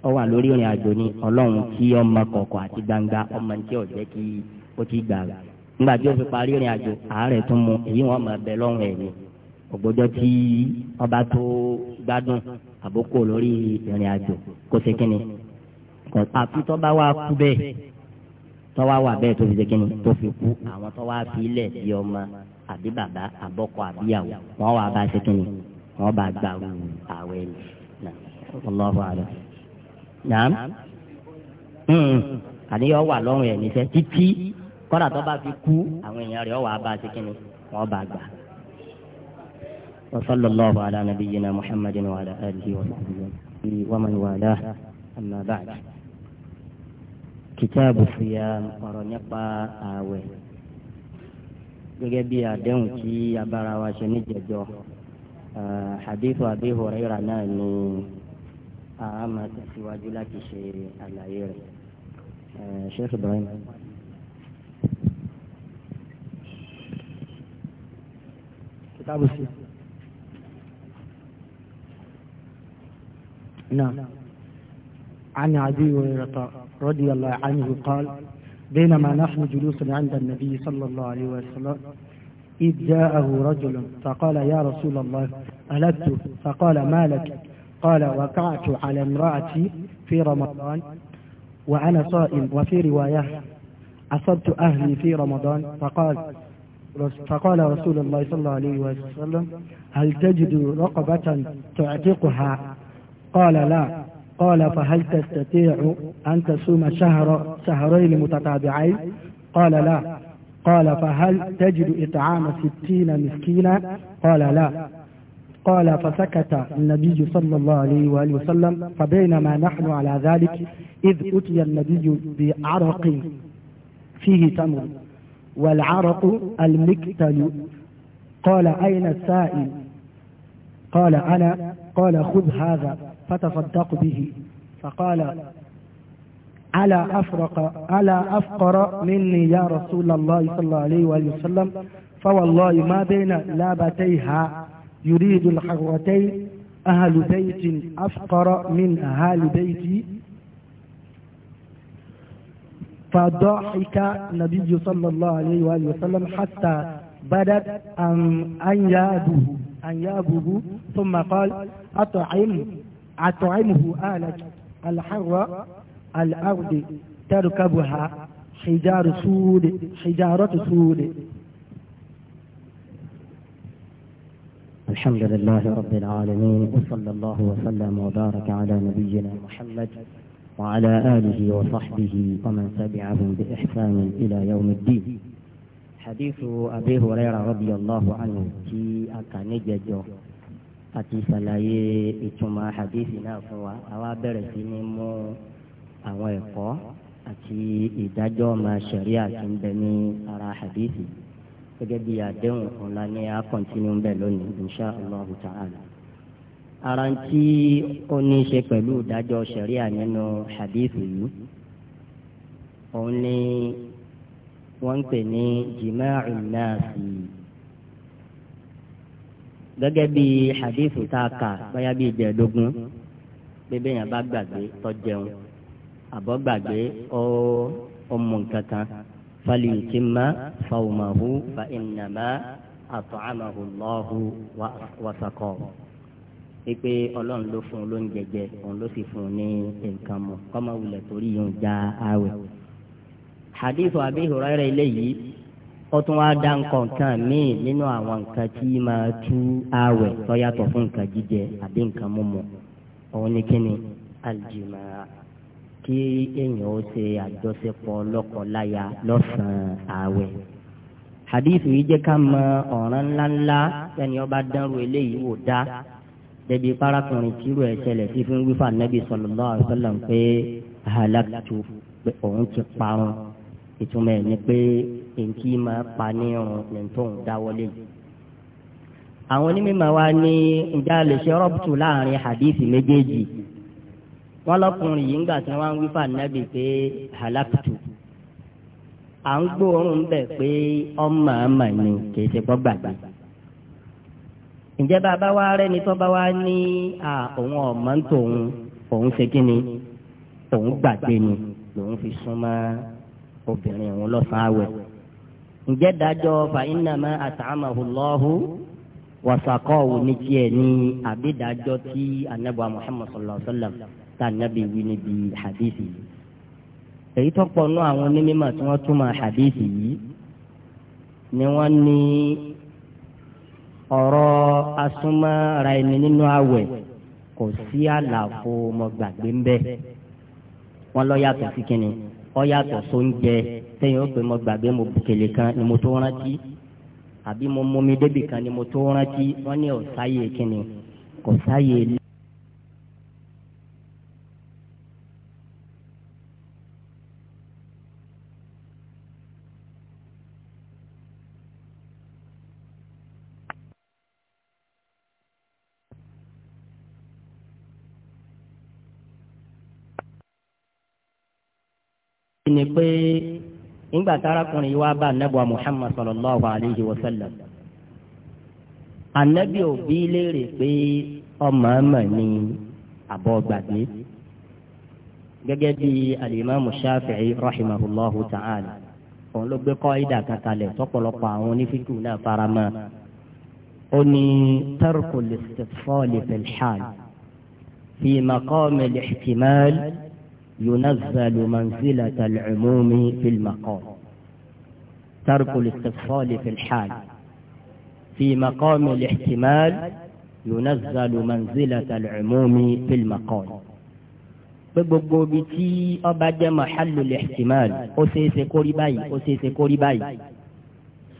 ọ wà lórí ìrìn àjò ni ọlọ́run tí ọmọ kọ̀ọ̀kọ̀ àti gbangba ọmọ tí ò jẹ́ kí ó ti gbà rà nígbà tí ó fi parí ìrìn àjò àárẹ̀ tún mu èyí wọn máa bẹ lọ́rùn ẹ̀ ni ògbójọ́ tí ọba tó gbádùn àbókò lórí ìrìn àjò kó ṣe kínni àfi tọ́ba wa kú bẹ́ẹ̀ tọ́wá wà bẹ́ẹ̀ tó fi ṣe kínni tó fi kú àwọn tọ́wá fi ilẹ̀ bí ọmọ àbí bàbá àbọ́kọ àbíyàwó wọ́n wà bá ṣe kínni wọ́n bá gbàrú àwẹ̀ náà ọlọ́run àlọ́. nàám àníyàn wà lọ́rùn ẹ̀ níṣẹ́ títí kọ́dà tó bá fi kú àwọn èèyàn rẹ̀ wà bá ṣe kíni wọ́n bá gbà. وصلى الله على نبينا محمد وعلى آله وصحبه ومن والاه أما بعد kitaabu fiya ọ̀rọ̀ nípa ààwẹ̀ gẹ́gẹ́ bí àdéhùn tí abára wa حديث أبي هريرة أنه أما سواج لك شيء على يري شيخ إبراهيم كتاب السيرة نعم عن أبي هريرة رضي الله عنه قال بينما نحن جلوس عند النبي صلى الله عليه وسلم إذ جاءه رجل فقال يا رسول الله ألدت فقال ما لك قال وقعت على امرأتي في رمضان وأنا صائم وفي رواية أصبت أهلي في رمضان فقال فقال رسول الله صلى الله عليه وسلم هل تجد رقبة تعتقها قال لا قال فهل تستطيع أن تصوم شهر شهرين متتابعين قال لا قال فهل تجد إطعام ستين مسكينا قال لا قال فسكت النبي صلى الله عليه وآله وسلم فبينما نحن على ذلك إذ أتي النبي بعرق فيه تمر والعرق المكتل قال أين السائل قال أنا قال خذ هذا فتصدق به فقال ألا أفرق ألا أفقر مني يا رسول الله صلى الله عليه وآله وسلم فوالله ما بين لابتيها يريد الحرتين أهل بيت أفقر من أهل بيتي فضحك النبي صلى الله عليه وآله وسلم حتى بدت أنيابه أنيابه ثم قال أطعم أطعمه آلك الحرة الأرض تركبها حجار سود حجارة سود الحمد لله رب العالمين وصلى الله وسلم وبارك على نبينا محمد وعلى آله وصحبه ومن تبعهم بإحسان إلى يوم الدين حديث أبي هريرة رضي الله عنه في أكانججو أتي سلاي إتما حديثنا فوا أوابر سنمو àwọn ẹ̀kọ́ àti ìdájọ́ máa ṣẹ̀ríà tí ń bẹ ní ara hadithi gẹ́gẹ́ bí àdéhùn ọ̀la ni a kọ́ntínú bẹ́ẹ̀ lónìí insha allah ta'ala. ara ń tí ó ní í ṣe pẹ̀lú ìdájọ́ ṣẹ̀ríà nínú hadithi yìí òun ni wọ́n ń pè ní jima'u nasi gẹ́gẹ́ bí hadithu tá a kà báyà bí ìjẹ́dógún bébè yẹn bá gbàgbé tó jẹun àbọ̀gbàgbé ọmọ nǹkan kan faliyitima fawumahu fa innama at'amahu Allahu wa saqahu pípé ọlọ́run ló fún un ló ń jẹjẹ òun ló sì fún un ní nǹkan mu kọ́mọ wulẹ̀ torí yóò já àwẹ̀. hadith Abi Hurairah eléyìí ó tún wá dá nǹkan kan míì nínú àwọn nǹkan tí máa tú àwẹ̀ tó fún nǹkan jíjẹ àbí nǹkan mímu òun ní kíni aljima kí èèyàn ó ṣe àjọṣepọ̀ lọ́kọláya lọ́sàn-án ààwẹ̀. hadith yìí jẹ́ ká mọ ọ̀ràn ńláńlá sẹ́ni ọba dánrù eléyìí wò dá débi parakùnrin tìrú ẹ̀ ṣẹlẹ̀ tí fún wífà nẹ́bí sallallahu alaihi wasallam pé halaktu pé òun ti parun ìtumọ̀ ẹ̀ ni pé èyí máa pa ní irun ní tó ń dáwọ́lé yìí. àwọn onímọ̀ wa ní ìjà lè ṣe rọ́bùtù láàrin hadith méjèèjì wọn lọkùnrin yìí ńgbà tí wọn wí fà nábì pé halakutu à ń gbóòórùn bẹ pé ọmọ àmà ni kì í ṣe kọ́ gbàgbà ǹjẹ́ bàbá wa rẹ́ni tó bá wa ní à òun ọ̀mọ́ ń tòun òun ṣe kí ni òun gbàgbé ni lòun fi súnmọ́ obìnrin òun lọ́sàn-án àwẹ̀ ǹjẹ́ dájọ́ fàyínàmá àtàmàhùlọ́hù wàṣàkọ́ọ̀wù ní tiẹ̀ ní àbídájọ́ tí anábọ̀ Muhammad sallallahu tá a nábì wí níbi hadithi yìí èyí tó pọ̀ nú àwọn onímọ̀ tí wọ́n túmọ̀ hadithi yìí ni wọ́n ní ọ̀rọ̀ asúnmọ́ra ẹni nínú àwẹ̀ kò sí àlàfo mo gbàgbé ń bẹ wọ́n lọ yàtọ̀ sí kínni ọ yàtọ̀ sóúnjẹ tẹ́yìn ó pè mo gbàgbé mo bùkèlè kan ni mo tó rántí àbí mo mú mi débì kan ni mo tó rántí wọ́n ní ọ̀sáyè kínni kò ni pé nígbà tárakùnrin yìí wá bá anábọ̀ Muhammad sallallahu alayhi wa sallam anábì òbí léèrè pé ọmọ ọmọ ni àbọ̀ gbàgbé gẹ́gẹ́ bí alimami Shafi'i rahimahullahu ta'ala òun ló gbé kọ́ídà kankalẹ̀ tọ́pọ̀lọpọ̀ àwọn onífíkù náà farama ó ní tarku al-istitfal fil fi maqam al-ihtimal. ينزل منزلة العموم في المقام ترك الاستفصال في الحال في مقام الاحتمال ينزل منزلة العموم في المقام ببببتي أبدا محل الاحتمال أسيسي كوريباي أسيسي باي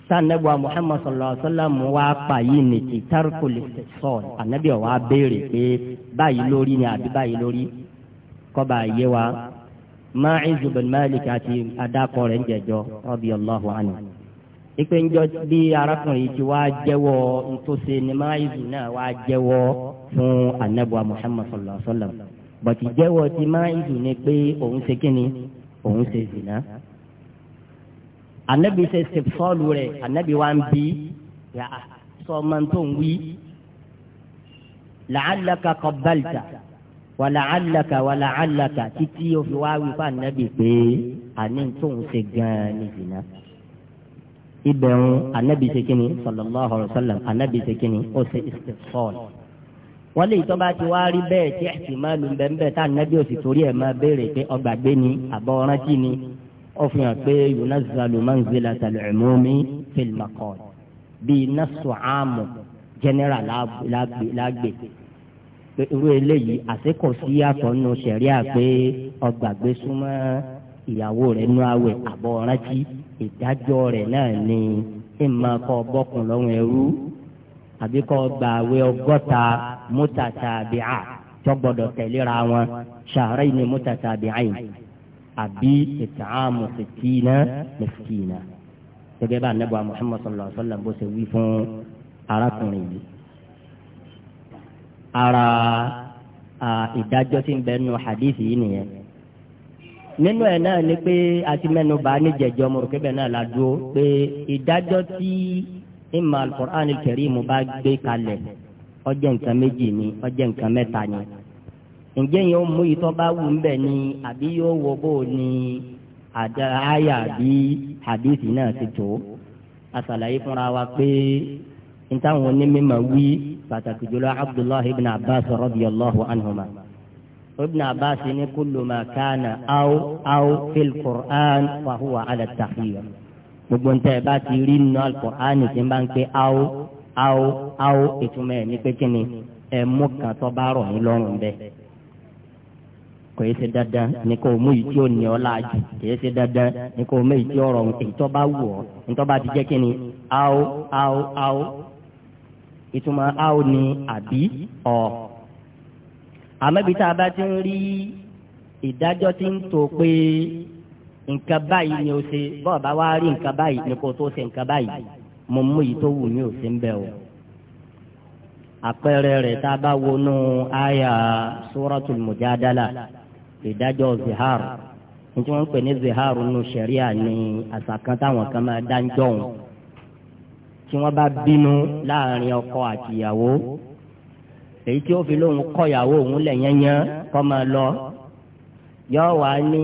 سنبوى محمد صلى الله عليه وسلم وقاينتي ترك الاستفصال النبي وابيري إيه، باي لوري نعبي باي لوري kọ́ba ayé wa Ma'izu bin Malik àti adakọ rẹ̀ ń jẹjọ radiyallahu anhu. ipe ń jọ bí arákùnrin ti wá jẹ́wọ́ ntòsí ni Ma'izu náà wá jẹ́wọ́ fún anabuwa Muhammad sallallahu alaihi wa sallam bọ̀tí jẹ́wọ́ ti Ma'izu ni pé òun ṣe kíni òun ṣe zina. anabi ṣe ṣe fọ́ọ̀lù anabi wa ń bí sọ ma tó ń wí la'allaka qabbalta wàlàhálàkà wàlàhálàkà títí o fi wá wí fún anabi pé àní tó ń ṣe gan-an ní zina. ibẹ̀ ń anabi ṣe kínní sallallahu alayhi wa sallam anabi ṣe kínní ó ṣe istifsal. wọ́n lè tọ́ bá ti wá rí bẹ́ẹ̀ tí ihtimalu bẹ́ẹ̀ tá anabi ò sì torí ẹ̀ máa béèrè pé ọgbàgbé ni àbọ̀ rántí ni ó fi hàn pé yunazzalu manzilatal umumi fil maqal bíi nasu amu general lágbè. La, la, la, la, la, la, la, la, pé irú eléyìí àsekò sí yàtọ̀ nù sẹ̀ríà pé ọgbàgbé súnmọ́ ìyàwó rẹ̀ nú àwẹ̀ àbọ̀ rántí ìdájọ́ rẹ̀ náà ni ìmọ̀ kọ́ bọ́kùn lọ́rùn ẹrú àbí kọ́ gba àwẹ̀ ọgọ́ta mútàtàbíà tó gbọ́dọ̀ tẹ̀léra wọn ṣàárẹ̀ ni mútàtàbíà yìí àbí ìtààmù sìkìnà mẹsìkìnà gẹ́gẹ́ bá anábọ̀ Muhammad sallallahu alaihi bó ṣe wí fún arákùnrin yìí ara ìdájọ́ tí ń bẹ nínú hadithi yìí nìyẹn nínú ẹ̀ náà ni pé àti mẹ́nu bá níjẹ̀jọ́ mo rò pé bẹ́ẹ̀ náà la dúró pé ìdájọ́ tí ìmọ̀ alukur'an kẹrìmù bá gbé kalẹ̀ ó jẹ́ nǹkan méjì ni ó jẹ́ nǹkan mẹ́ta ni ǹjẹ́ yẹn ó mú ìtọ́ bá wù ń bẹ̀ ni àbí yóò wọ bó ni àdáyà bí hadithi náà ti tó a ṣàlàyé fúnra wa pé n onímọ̀ wí pàtàkì jùlọ abdullahi ibn abbas radiyallahu anhuma ibn abbas ní kullu ma kana aw aw fil qur'an fa huwa ala tahiyyah gbogbo ntẹ bá ti rí nínú al-qur'an ní ti bá ń pé aw aw aw ìtumọ̀ ẹ̀ ní pé kí ni ẹ̀ mú kan tó bá rọ̀ ní lọ́rùn bẹ́ẹ̀ kò yẹ ṣe dandan ní kò mú yìí tí ó ní ọ láàjù kò yẹ ṣe dandan ní kò mú yìí tí ó rọrùn bá wù ọ ní bá ti jẹ́ kí ni aw aw aw ìtumọ̀ áò ní àbí ọ̀ àmọ́bi bá ti ń rí ìdájọ́ tí ń tó pé nǹkan báyìí ni o ṣe bọ́ọ̀ bá wá rí nǹkan báyìí ni kò tó ṣe nǹkan báyìí mo mú yìí tó wù mí ò ń bẹ̀ o àpẹẹrẹ rẹ̀ tá a bá wọnú àyà suratul mujadala ìdájọ́ zihar nítorí wọ́n ń pè ní zihar nù sẹ̀ríà ní àṣà kan táwọn kan máa dá ń jọ̀hún tí wọ́n bá bínú láàrin ọkọ àti ìyàwó èyí tí ó fi lóun kọ ìyàwó òun lẹ̀ yẹnyẹn máa lọ yọ wá ní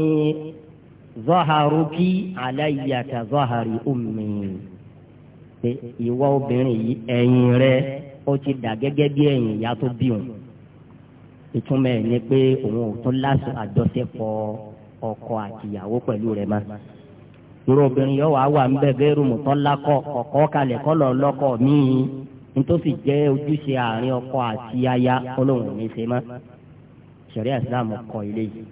zọ́haruki aláyàtà zọ́hari ummi ìwọ obìnrin yìí ẹ̀yìn rẹ ó ti dà gẹ́gẹ́ bí ẹ̀yìn ìyá tó bí òun ìtumọ̀ ẹ̀ ni pé òun ò tún láṣọ àjọṣepọ̀ ọkọ àti ìyàwó pẹ̀lú rẹ̀ máa irú obìnrin yóò wá wà ńbẹ gẹrù mùtọ́lákọ kọ̀kọ́ kalẹ̀ kọ́lọ̀ lọ́kọ̀ míì nítòsí jẹ́ ojúṣe àárín ọkọ àti aya olóhùn ní ṣe mọ́ sẹ̀rí àsìlámù kọ ilé yìí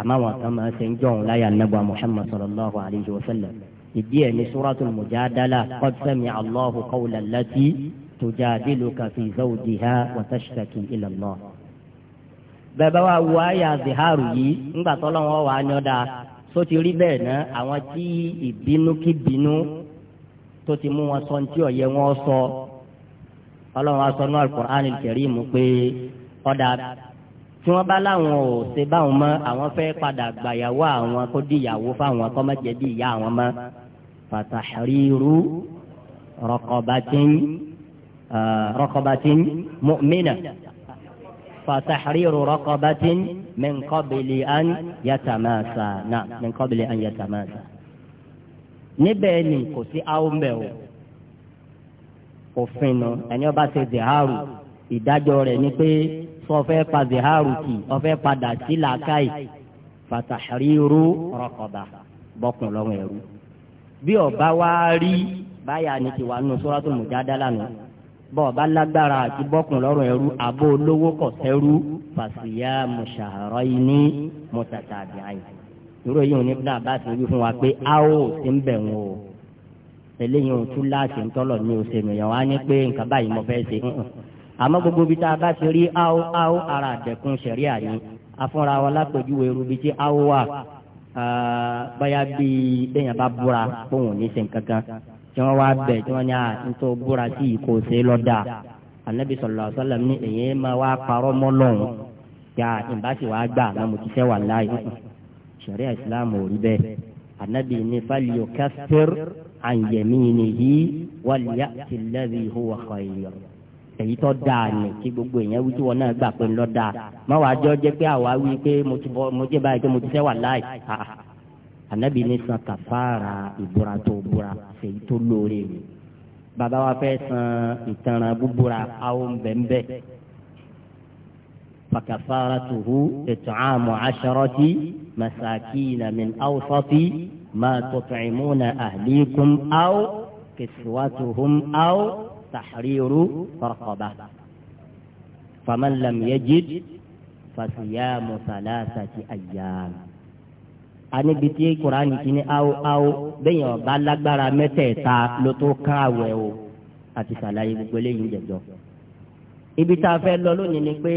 àmọ́ àwọn kan máa ṣe ń jọ̀hún láyà nàbà Muhammad sallallahu alayhi wa sallam ìdí ẹ̀ ní suratul mujadala qad sami'a Allahu qawla allati tujadiluka fi zawjiha wa tashtaki ila Allah. bẹ́ẹ̀ bá wà wọ àyà ziharu yìí ńgbà tọ́lọ́wọ́ wà á ní ọ̀dà tó ti rí bẹ́ẹ̀ náà àwọn tí ìbínú kí bínú tó ti mú wọn sọ tí ọ̀yẹ́ wọn sọ ọlọ́run aṣọ náà alukur'an karim pé ọ̀dà tí wọ́n bá láwọn ò ṣe báwọn mọ́ àwọn fẹ́ padà gbàyàwó àwọn kó díyàwó fáwọn kọ́ mọ́jẹ́ bí ìyá àwọn mọ́ fatahriru raqabatin raqabatin mu'mina fatahriru raqabatin min qabli an yatamasa na min qabli an yatamasa. níbẹ̀ ni kò sí aombẹ̀ o òfin nu ẹni ọba ṣe ziharu ìdájọ́ rẹ̀ ni pé sọ fẹ́ pa ziharu kì ọ fẹ́ padà sí làákàyè fatahriru raqaba bọ́kùn lọ́rùn ẹ̀rú bí ọba wa rí báyà ni tiwa nù suratul mujadala nù bọ́ọ̀bá lágbára àti bọ́kùn lọ́rùn ẹrú àbó olówó kọ̀tẹ́rú fàṣìyà mùsàárọ̀ yìí ní mùtàtàbí àyè. ìró yìí ò ní bí àbá ti wí fún wa pé a ó ti ń bẹ̀ wọn o. eléyìí ò tún láti ń tọ́lọ̀ ní òsèlú yẹn wá ní pé nǹkan báyìí mo fẹ́ ṣe. àmọ́ gbogbo ibi tá a bá ti rí áó áó ara àdẹ̀kùn ṣẹ̀ríà ni afúnra wọn lápèjúwe irú bíi tí áó wà báyà bíi tí wọ́n wá bẹ̀ tí wọ́n yà ńtọ́ búra sí yìí ṣe lọ́dà anabi sallallahu alaihi wasallam ní èyí máa wá parọ́ mọ́ lọ́hùn yà ìbáṣe wàá gbà àmọ́ mo ti fẹ́ wà láàyè sariya islam ò rí bẹ́ẹ̀ anabi ní faliyo kafir an yaminihi waliya tilabi huwa khayr èyí tó dáa ni kí gbogbo èèyàn wí tí wọn náà gbà pé ńlọ dáa má wàá jọ jẹ pé àwa wí pé mo ti bọ mo jẹ báyìí pé mo ti fẹ́ wà láàyè anabi ní san kàfàrà ìbúra tó búra ṣèyí tó lóore ni bàbá wa fẹ́ san ìtanràn búbúra àwọn bẹ́ẹ̀nbẹ́ẹ́ fakàfàràtuhu it'amu asharati masakina min awsati ma tut'imuna ahlikum aw kiswatuhum aw tahriru raqaba faman lam yajid fasiyamu thalathati ayyam. anibi tí kuraani ti ní awo awo bẹ́yìn ọba lágbára mẹ́tẹ̀ẹ̀ta ló tó kán àwẹ̀ o àti sàlàyé gbogbo eléyìí jẹjọ. ibi tá a fẹ́ lọ lónìí ni pé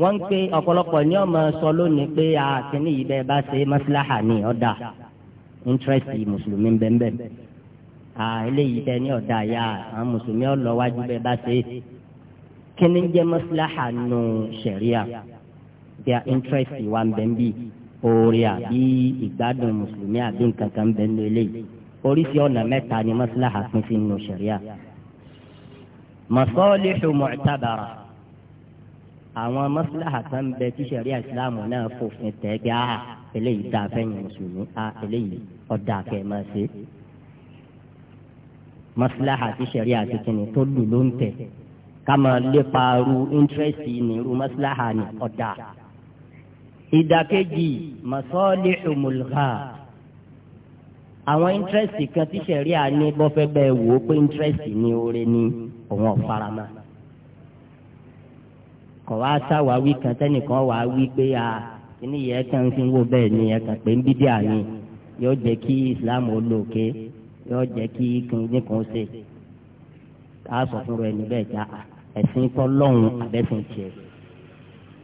wọ́n ń pe ọ̀pọ̀lọpọ̀ ní ọmọ sọ lónìí pé àkíní yìí bẹ́ẹ̀ bá ṣe maslaha ní ọ̀dà interest mùsùlùmí bẹ́ẹ̀nbẹ́ẹ̀ à eléyìí tẹ ní ọ̀dà yá àwọn mùsùlùmí ọ̀lọ́wájú bẹ́ẹ̀ bá ṣe kíní jẹ́ maslaha nù sẹ̀ríà pé interest wa ń bẹ ń bí oore àbí ìgbádùn mùsùlùmí àbí nǹkan kan ń bẹ nínú eléyìí oríṣi ọ̀nà mẹ́ta ni mọ́sálàhà pín sí nínú ṣẹ̀ríà. masalihu mu'tabara àwọn mọ́sálàhà kan ń bẹ tí ṣẹ̀ríà ìsìláàmù náà fòfin tẹ̀ gbé eléyìí dáa fẹ́yìn mùsùlùmí a eléyìí ọ̀dà kẹ́ ẹ máa ṣe. mọ́sálàhà tí ṣẹ̀ríà ti kìnnì tó lù ló ń tẹ̀ ká máa lépa ru íńtírẹ́sì ní irú mọ́sálàhà ní ọ̀dà ìdàkejì masalihu mulgha àwọn íńtírẹ́sì kan tí sẹ̀ríà ní bọ́fẹ́ bẹ́ẹ̀ wò ó pé íńtírẹ́sì ní oore ní òun ọ̀farama kọ̀ wá sáwàá wí kan tẹ́nìkan wàá wí pé a kíní yẹ kàn fi wò bẹ́ẹ̀ ni ẹ kàn pé ń bídí àní yóò jẹ́ kí Islam ó lò ké yóò jẹ́ kí kíní kan ṣe ká sọ fún rẹ níbẹ̀ já ẹ̀sìn tọ́lọ́hún abẹ́sìn tiẹ̀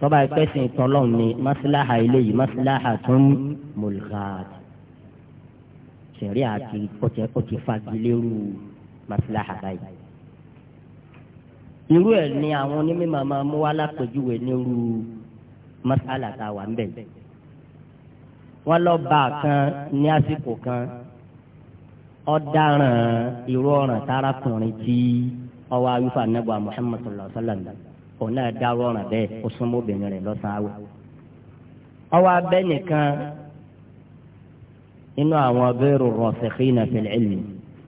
tọ́ba ìpẹ́sìn tọ́lọ́ ni masilaha eléyìí masilaha tún mulghad sẹ̀rí àti kọ̀tẹ́ kọ̀tẹ́ fagilérú masilaha báyìí. irú ẹ̀ ni àwọn onímọ̀ máa mú wá lápèjúwe nírú masala tá a wà ń bẹ̀. wọ́n lọ bá a kan ní àsìkò kan ọ̀daràn irú ọ̀ràn tárakùnrin tí ọwọ́ ayúfà nàbọ̀ Muhammad sallallahu òun náà dárò ọ̀ràn bẹ́ẹ̀ ó súnmọ́ obìnrin rẹ̀ lọ́sàn-án àwẹ̀. ọwọ́ abẹ́ nìkan inú àwọn abẹ́rù rasikhina fil ilmi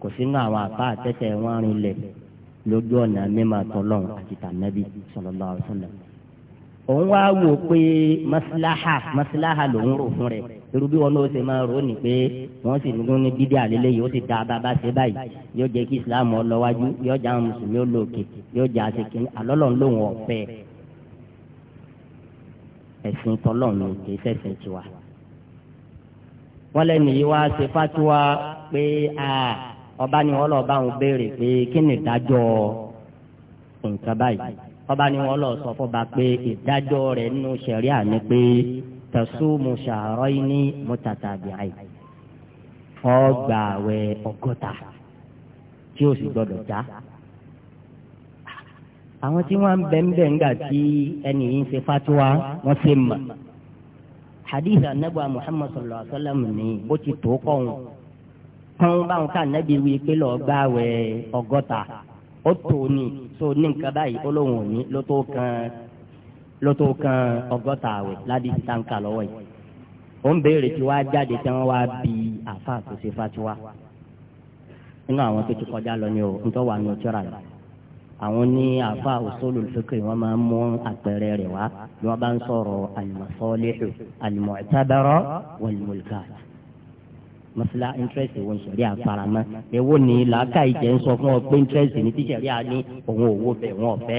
kò sínú àwọn àpá àtẹ́tẹ̀ wọn rinlẹ̀ lójú ọ̀nà mímọ́ àtọ́lọ́run àti tànàbí sallallahu alaihi wasallam. òun wá wò pé maslaha maslaha lòun rò fún rẹ̀ irú bí wọn náà ṣe máa rò ní pé wọn sì ní ní bídí àlélẹ yìí da bàbá ṣe báyìí yóò jẹ kí islam ọlọwájú yóò jẹ àwọn mùsùlùmí olóòkè yóò jẹ àṣekì alọlọrun lòun ọfẹ ẹsìn tọlọ́run kì í ṣẹ̀sìn tiwa. wọn lẹnu yìí wá ṣe fatuwa pé ọba ni wọn lọ bá wọn béèrè pé kí ni ọba ni wọn lọ sọ fọba pé rẹ nínú ni pé. tasumu shahraini mutatabi'ain ó gba àwẹ̀ ọgọ́ta tí ó sì gbọ́dọ̀ já àwọn tí wọ́n bẹ ń bẹ ńgbà tí ẹnì yìí ń ṣe fatuwa wọ́n ṣe mọ̀ hadith anabuwa muhammad sallallahu alaihi wa sallam ni bó ti tó kọ́hún kọ́hún báwọn ká anabi wí pé lọ́ọ́ gbá wẹ̀ ọgọ́ta ó tó ní so ní nǹkan báyìí ó lóun ò ní ló tó kan lótó kan ọgọ́ta àwẹ̀ ládìsí táǹkà lọ́wọ́ yìí ó ń béèrè tí wàá jáde tí wọ́n wáá bi àfa àtúnṣe fatiwa nínú àwọn tó ti kọjá lọ ní o nítorí wà nù tíra yìí àwọn ní àfa usulul fiqh wọn máa ń mú àpẹẹrẹ rẹ wá ni wọn bá ń sọ̀rọ̀ al-masalihu al-mu'tabara wal-mulkat masala interest wọn ewo ni làákàyè jẹ ń sọ fún ọ pé interest ní tíṣẹrí àní òun òwò bẹ wọn ọfẹ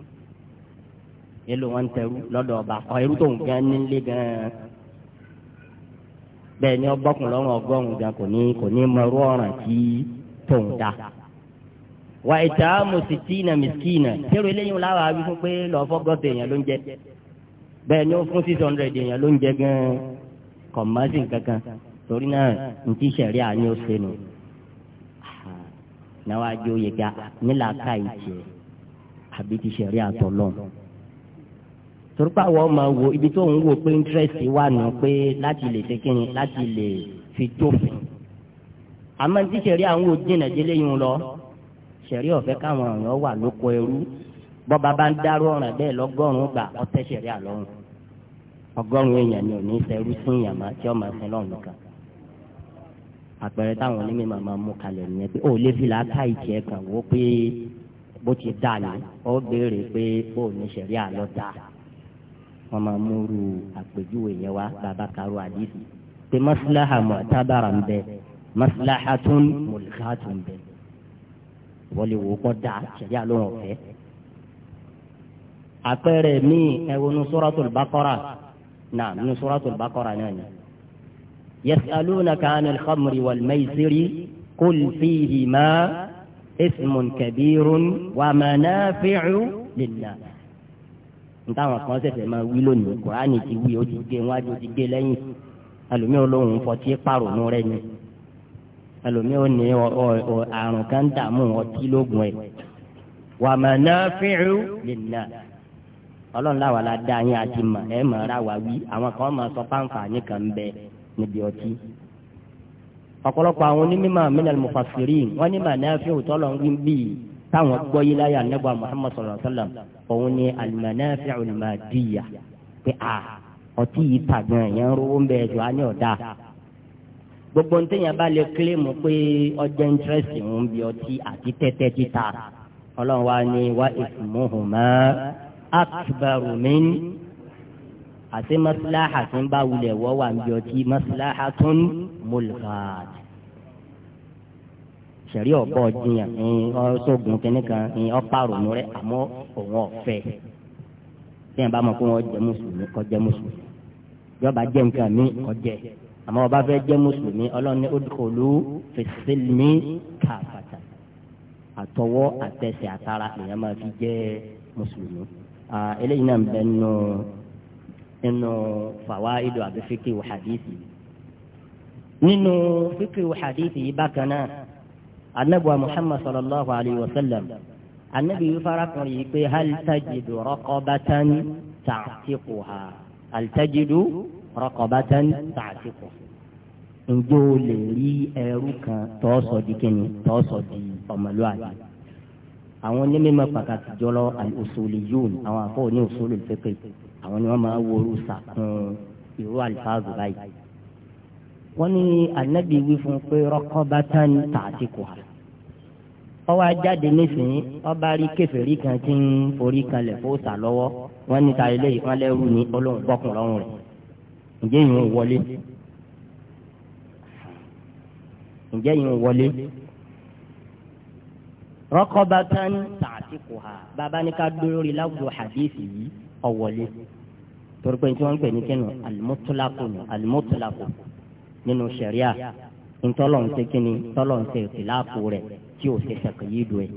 èlò wọn tẹrú lọ́dọ̀ ọba ọ irú tó ń gan nílé gan bẹ́ẹ̀ ni ọgbọkùn lọrùn ọgọ́rùn gan kò ní kò ní mọ irú ọ̀ràn tí tó ń da. wà ìta mùsìtìnà mìsìkìnà kérò eléyìí láwa wí fún pé lọ fọgọtì èèyàn ló ń jẹ bẹ́ẹ̀ ni ó fún six hundred èèyàn ló ń jẹ gan kọmásì kankan torí náà ntí sẹrí àní ó nù náwó ajé òye ga nílà ká ìjẹ àbí ti sẹrí àtọ lọ́nà torípa àwọn máa wo ibi tó ń wo pé interest wà nù pé láti lè ṣe kíni láti lè fi tófin àmọ́ tí sẹ̀rí àwọn òjìnà délé yìí ń lọ sẹ̀rí ọ̀fẹ́ káwọn ọ̀ràn wà lóko ẹrú bọ́ba bá ń dárú ọ̀ràn bẹ́ẹ̀ lọ́gọ́rùn gbà ọ̀tẹ́ sẹ̀rí àlọ́run ọgọ́rùn èèyàn ni ò ní sẹ́rú sí èèyàn tí ọmọ ẹ̀sìn lọ́run nìkan àpẹẹrẹ táwọn onímọ̀ máa mú kalẹ̀ nìyẹn pé ó lé fìlà ká ìjẹ́ kan wó pé bó ti dà ní ó béèrè pé ó ní sẹ̀rí àlọ́ dáa wọn máa múru àpèjúwe yẹn wá bàbá karo àdìsí pé maslaha mu'tabara ń bẹ maslaha tún mọlẹka tún bẹ wọ́n lè wò kọ́ da sẹ̀ríà ló wọn fẹ́. àpẹẹrẹ mi ẹ wo nu suratul baqara náà nu suratul baqara náà ni. yas'alunaka 'anil khamri wal maisiri qul fihima ismun kabirun wa manafi'u lin-nas. ntáwọn kan ṣẹ̀ṣẹ̀ máa wí lónìí kùránì ti wí ó ti gé wájú ó ti gé lẹ́yìn ẹlòmíì olóhùn fọtí pàrònú rẹ ni ẹlòmíì ó ní àrùn kan dààmú ọtí lóògùn ẹ wà mà náà fìrù lè nà ọlọ́run láwa la dá yín àti mà ẹ mà ra wà wí àwọn kan máa sọ páńfà nìkan bẹ níbi ọtí ọ̀pọ̀lọpọ̀ àwọn onímọ̀ minal mufassirin wọ́n ní mà náà fìrù tọ́lọ̀ ń wí bíi táwọn gbọ́ yìí láyà nẹ́gbà Muhammad sallallahu alaihi wasallam òun ni al-manafi'ul madiyya pé a ọtí yìí tàgbọ̀n yẹn ń rówó ń bẹ̀ ẹ̀jọ̀ á ní ọ̀dà gbogbo ní tẹ̀yìn bá lè kílèmù pé ọjọ́ interest ń bi ọtí àti tẹ́tẹ́ títa ọlọ́run wa ni wa ismuhuma akbaru àti maslaha tí ń bá wulẹ̀ wọ́ wà ń bi ọtí maslahatun mulghat sẹ̀rí ọ̀bọ jiyàn ní ọ̀ṣọ́gun kínní kan ní ọ̀pá-rònú rẹ̀ àmọ́ òun ọ̀fẹ́ tí yẹn bá mọ̀ kó wọ́n jẹ́ mùsùlùmí kọ́ jẹ́ mùsùlùmí yọba jẹ́ nǹkan mi kọ́ jẹ́ àmọ́ ọba fẹ́ jẹ́ mùsùlùmí ọlọ́ni udkhulu fis-silmi kafata àtọwọ́ àtẹsẹ̀ àtara èèyàn máa fi jẹ́ mùsùlùmí eléyìí náà ń bẹ nínú nínú fawaidu àbí fíkì nínú fíkì wàhádìsì yìí bákan náà anabuwa muhammad sallallahu alayhi wa sallam anabi yìí farakun yìí pé hal tajidu raqabatan ta'tiquha hal tajidu raqabatan ta'tiquha ǹjẹ́ o lè rí ẹrú kan tọ́sọ̀ di kíni tọ́sọ̀ di ọmọlúwàbí àwọn onímọ̀ pàtàkì jọlọ al-usuliyun àwọn afọ oní usulul fiqh àwọn ni wọ́n máa wọlé sàkún irú àlùfáà báyìí wọ́n ní anabi wí fún pé raqabatan ta'tiquha ọwọ́ ajáde nísìnyí ọba rí kèfèrí kan tí ń forí kanlẹ̀ fóòsà lọ́wọ́ wọ́n ní ta ilé ìfọ́nlẹ́rù ní olóhùn bọ́kùn lọ́rùn rẹ̀ ǹjẹ́ ìyẹn wọlé ǹjẹ́ ìyẹn wọlé raqabatan ta'tiquha bàbá ní ká dúró lórí láwùjọ hadithi yìí ọ̀wọ́lé torí pé tí wọ́n ń pè ní kínú al-mutlaqu al nínú sẹ̀ríà ntọ́lọ̀ ń ṣe kíni tọ́lọ̀ ń ṣe ìtìláàfù rẹ̀ tí ò ṣe ṣàkíyèdù ẹ̀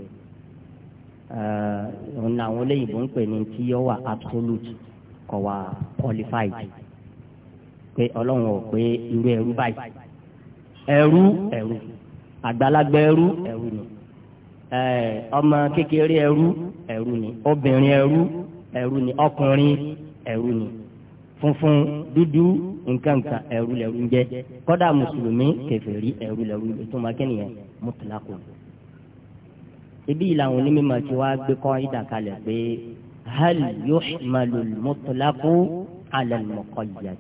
ọ̀nà àwọn olóyìnbó ń pè ní tí yọ wà absolute kọ̀ wà qualified pé ọlọ́run ò pé irú ẹrú báyìí ẹrú ẹrú àgbàlagbà ẹrú ẹrú ni ọmọ kékeré ẹrú ẹrú ni obìnrin ẹrú ẹrú ni ọkùnrin ẹrú ni funfun dúdú nǹkan kan ẹrú lẹrú ń jẹ kódà mùsùlùmí kèfèrí ẹrú lẹrú ìtumọ̀ kẹ́niyẹn mutlaqun. ibi ìlànà onímọ̀ tí wàá gbé kọ́ ìdàkalẹ̀ pé hal yuhmalu al-mutlaqu ala al-muqayyad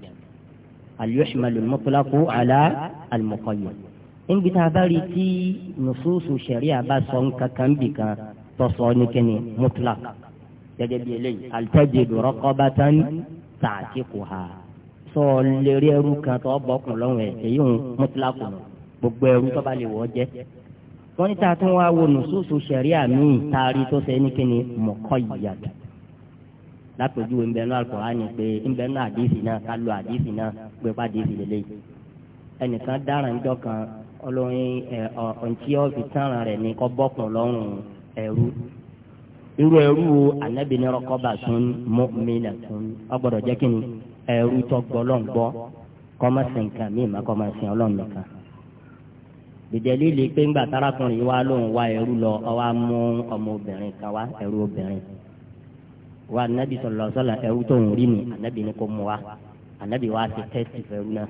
hal yuhmalu al-mutlaqu ala al-muqayyad. níbi tá a bá rí tí nùsùsù sẹ̀ríà bá kan bì kan tọ̀sọ̀ ní kẹ́ni mutlaq gẹ́gẹ́ bí eléyìí al-tajidu raqabatan ta'tiquha sọ lérí ẹrú kan tó bọ́kùn lọ́rùn ẹ̀ èyí ń mọ́tíláàkùn gbogbo ẹrú tó bá lè wọ́ jẹ́. wọ́n ní tààtún wá wo nùsùsù sẹ̀ríà míì taari tó ṣe ní kíni mọ̀kọ́ ìyàgbẹ́. lápèjúwe ńbẹ náà Al-Kùránì pé ńbẹ náà àdìsí náà ká lo àdìsí náà pé bá àdìsí lélẹ̀ ẹnìkan dára ńjọ kan olórin ẹ ọ̀ǹtí ọ̀fi tánra rẹ̀ ní kọ́ bọ́kùn lọ́rùn ẹrú irú ẹrú anabi ní rọkọba tún mọ́mìnà tún ọgbọ́dọ̀ ẹrú tó gbọ́ ọlọ́run gbọ́ kọ́mọ sí nǹkan míì má kọ́mọ sí ọlọ́run nìkan. bìdẹ́lì lè pé ńgbà tárakùnrin wa lóun wá ẹrú lọ ọwọ́ mú ọmọbìnrin kan wá ẹrú obìnrin. wa anabi sọlọ sọlọ ẹrú tó ń rí mi anabi ni kò mú wa anabi wa ti tẹ́sì fẹ́rú náà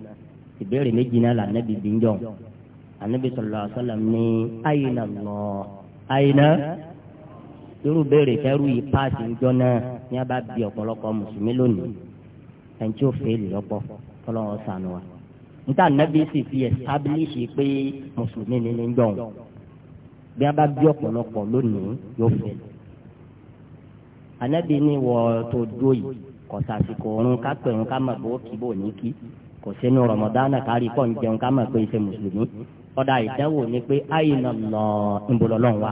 ìbéèrè méjì náà la anabi bí ń jọ anabi sọlọ sọlọ ní ayina lọ ayina irú béèrè kẹrù yìí paasi ń jọ náà ní a bá bí ọ̀pọ̀lọpọ̀ mùsùlùmí lónìí ẹni tí ó fèèlì lọ́pọ̀ kọ́lọ́run sànù wa. níta nàbí sì fi ẹ̀sítábílíṣì pé mùsùlùmí ni ní gbọ̀n bí a bá bí ọ̀pọ̀lọpọ̀ lónìí yóò fẹ́. ànábì ní wọ́ tó dúró yìí kò sàsìkò òun ká pè òun ká mọ̀ bó kí bò ní kí kò sínú rọmọdánà kárí pọ̀ ń jẹun ká mọ̀ pé iṣẹ́ mùsùlùmí ọ̀dà ìdánwò ni pé àyìnà lọ ìbòlọ́lọ́run wa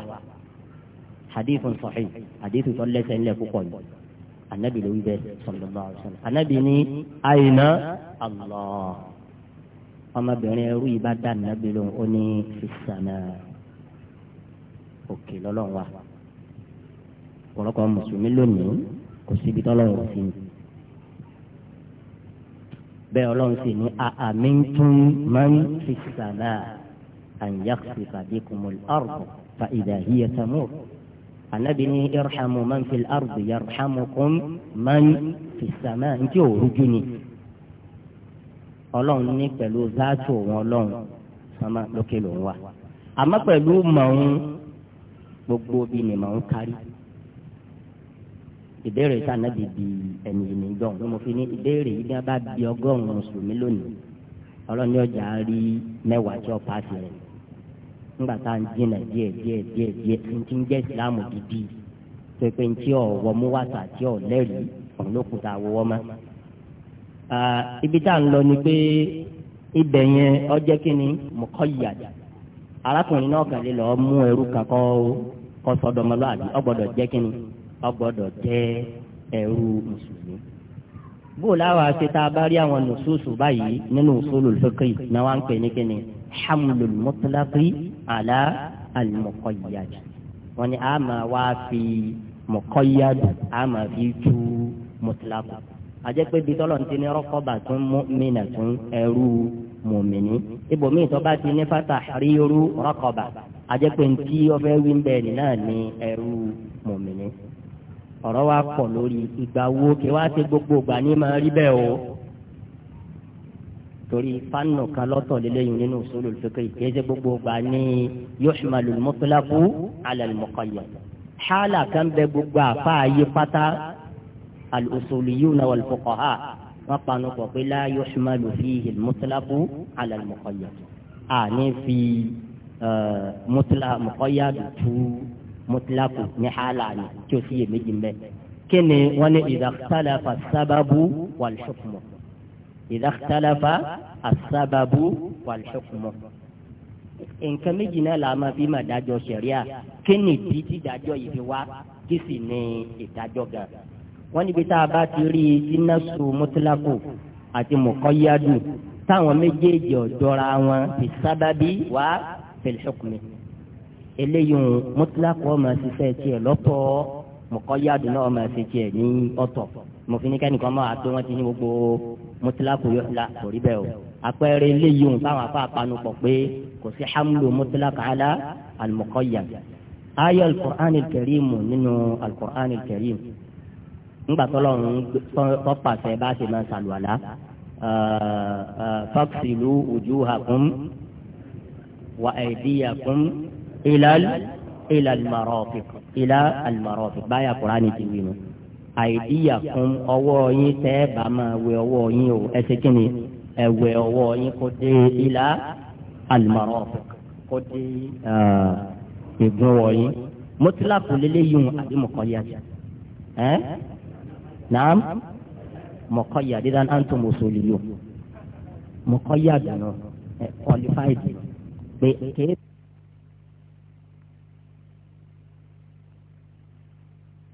hadith sahih hadith tó lẹ́sẹ̀ ńlẹ̀ púpọ̀ yìí anabi ló wí bẹ́ẹ̀ sallallahu alaihi wasallam anabi ní àyìnà Allah ọmọbìnrin ẹrú yìí bá dá anabi lóhùn ó ní ìsànà òkè lọ́lọ́run wa ọ̀pọ̀lọpọ̀ mùsùlùmí lónìí kò síbi tọ́lọ́run sí i bẹ́ẹ̀ ọlọ́run sì ní àmìntún máa ń fi sàmà àyàkùsì fàdíkùmọ̀lì ọ̀rùn fa ìdàhíyẹ tamur anabi ni irhamu man fil ardi yarhamukum man fis sama ntí òrùjú ni ọlọ́run ní pẹ̀lú záàtù òun ọlọ́run sọmọ lókè lòun wà àmọ́ pẹ̀lú màún gbogbo bí ni màún kárí ìbéèrè tá anabi bi ẹni yìí nìjọ́n ni mo fi ní ìbéèrè yìí ní a bá bi ọgọ́rùn-ún mùsùlùmí lónìí ọlọ́run ní ọjà rí mẹ́wàá tí ó paasi rẹ̀ ńgbà tá à ń jìnnà díẹ̀ díẹ̀ díẹ̀ díẹ̀ tí ń jẹ́ ìsìlámù gidi pépé ń tí ọ̀ a ibi tá à ń lọ ni pé ibẹ̀ yẹn ọjẹ́ kí ni arákùnrin náà kàn lè mú ẹrú kan kọ́ kọ́ jẹ́ jẹ́ ẹrú mùsùlùmí bó ṣe a bá rí hamlul mutlaqi ala al-muqayyad wọ́n ní a máa wá fi muqayyad a máa fi tú mutlaqi àjẹpẹ́ bíi tọ́lọ́n ti ní rọ́kọ́bà tún mu'mina tún ẹrú mùmíní ibòmíì tó bá ti ní fatahriru rọ́kọ́bà àjẹpẹ́ ntí ọbẹ̀ wí bẹ́ẹ̀ ni náà ní ẹrú mùmíní ọ̀rọ̀ wa pọ̀ lórí ìgbà wo kí wá ti gbogbo ìgbà ní máa rí bẹ́ẹ̀ o torí fánù kan lọ́tọ̀ lélẹ́yìn nínú usulul fiqh kéde gbogbo gbà ní yuhmalul mutlaqu ala al-muqayyad xaala kan bẹ gbogbo àfa ayé pátá al-usuliyuna wal fuqaha wọn panu pọ̀ pé la yuhmalu fihi al-mutlaqu ala al-muqayyad a ní fi mutla tu mutlaqu ní xaala ni tí o sì yẹ méjì mbẹ kí wọn ni idha إذا ikhtalafa السبب والحكم، wal-hukmu. nǹkan méjì náà la máa fi máa dájọ́ sẹ̀ríà kí ni ìdí tí ìdájọ́ yìí fi wá kí sì ni ìdájọ́ gan. wọ́n níbi tá a bá ti rí iná su mutlaku àti muqayyadu táwọn méjèèjì ọ̀dọ́ra wọn fi sábàbí wá fil eléyìí mutlaku ọmọ ṣiṣẹ́ tiẹ̀ lọ́tọ̀ muqayyadu náà ọmọ ṣiṣẹ́ ní ọ̀tọ̀ mọ̀fin ní máa pé wọ́n ti ní gbogbo mutilaku yuhla kò rí bẹ́ẹ̀ o àpẹẹrẹ eléyìí òun táwọn afa àpanu pọ̀ pé kò sí hamlu mutilaku ala al-muqayyad ayé alukur'an al-karim nínú alukur'an al-karim ńgbàtọ́lọ́ ń tọ́pàṣẹ bá a ṣe máa ṣàlùwàlá faqsilu wujuhakum wa aydiyakum ilal ilal marafiq ilal marafiq báyà kur'an ti wí nù àìdíyà fún ọwọ́ yín tẹ́ ẹ bá máa wẹ ọwọ́ yín o ẹ ṣe kí ni ẹ wẹ ọwọ́ yín kó dé ilá àlùmọ́rọ́ kó dé ìgbọ́n wọ̀ yín mọ́tíláàpù lélẹ́yìn àbí mọ̀kọ́yà ẹ́ nàám mọ̀kọ́yà dídán àǹtọ̀ mùsùlùmí mọ̀kọ́yà dànù ẹ̀ qualified pé kéé.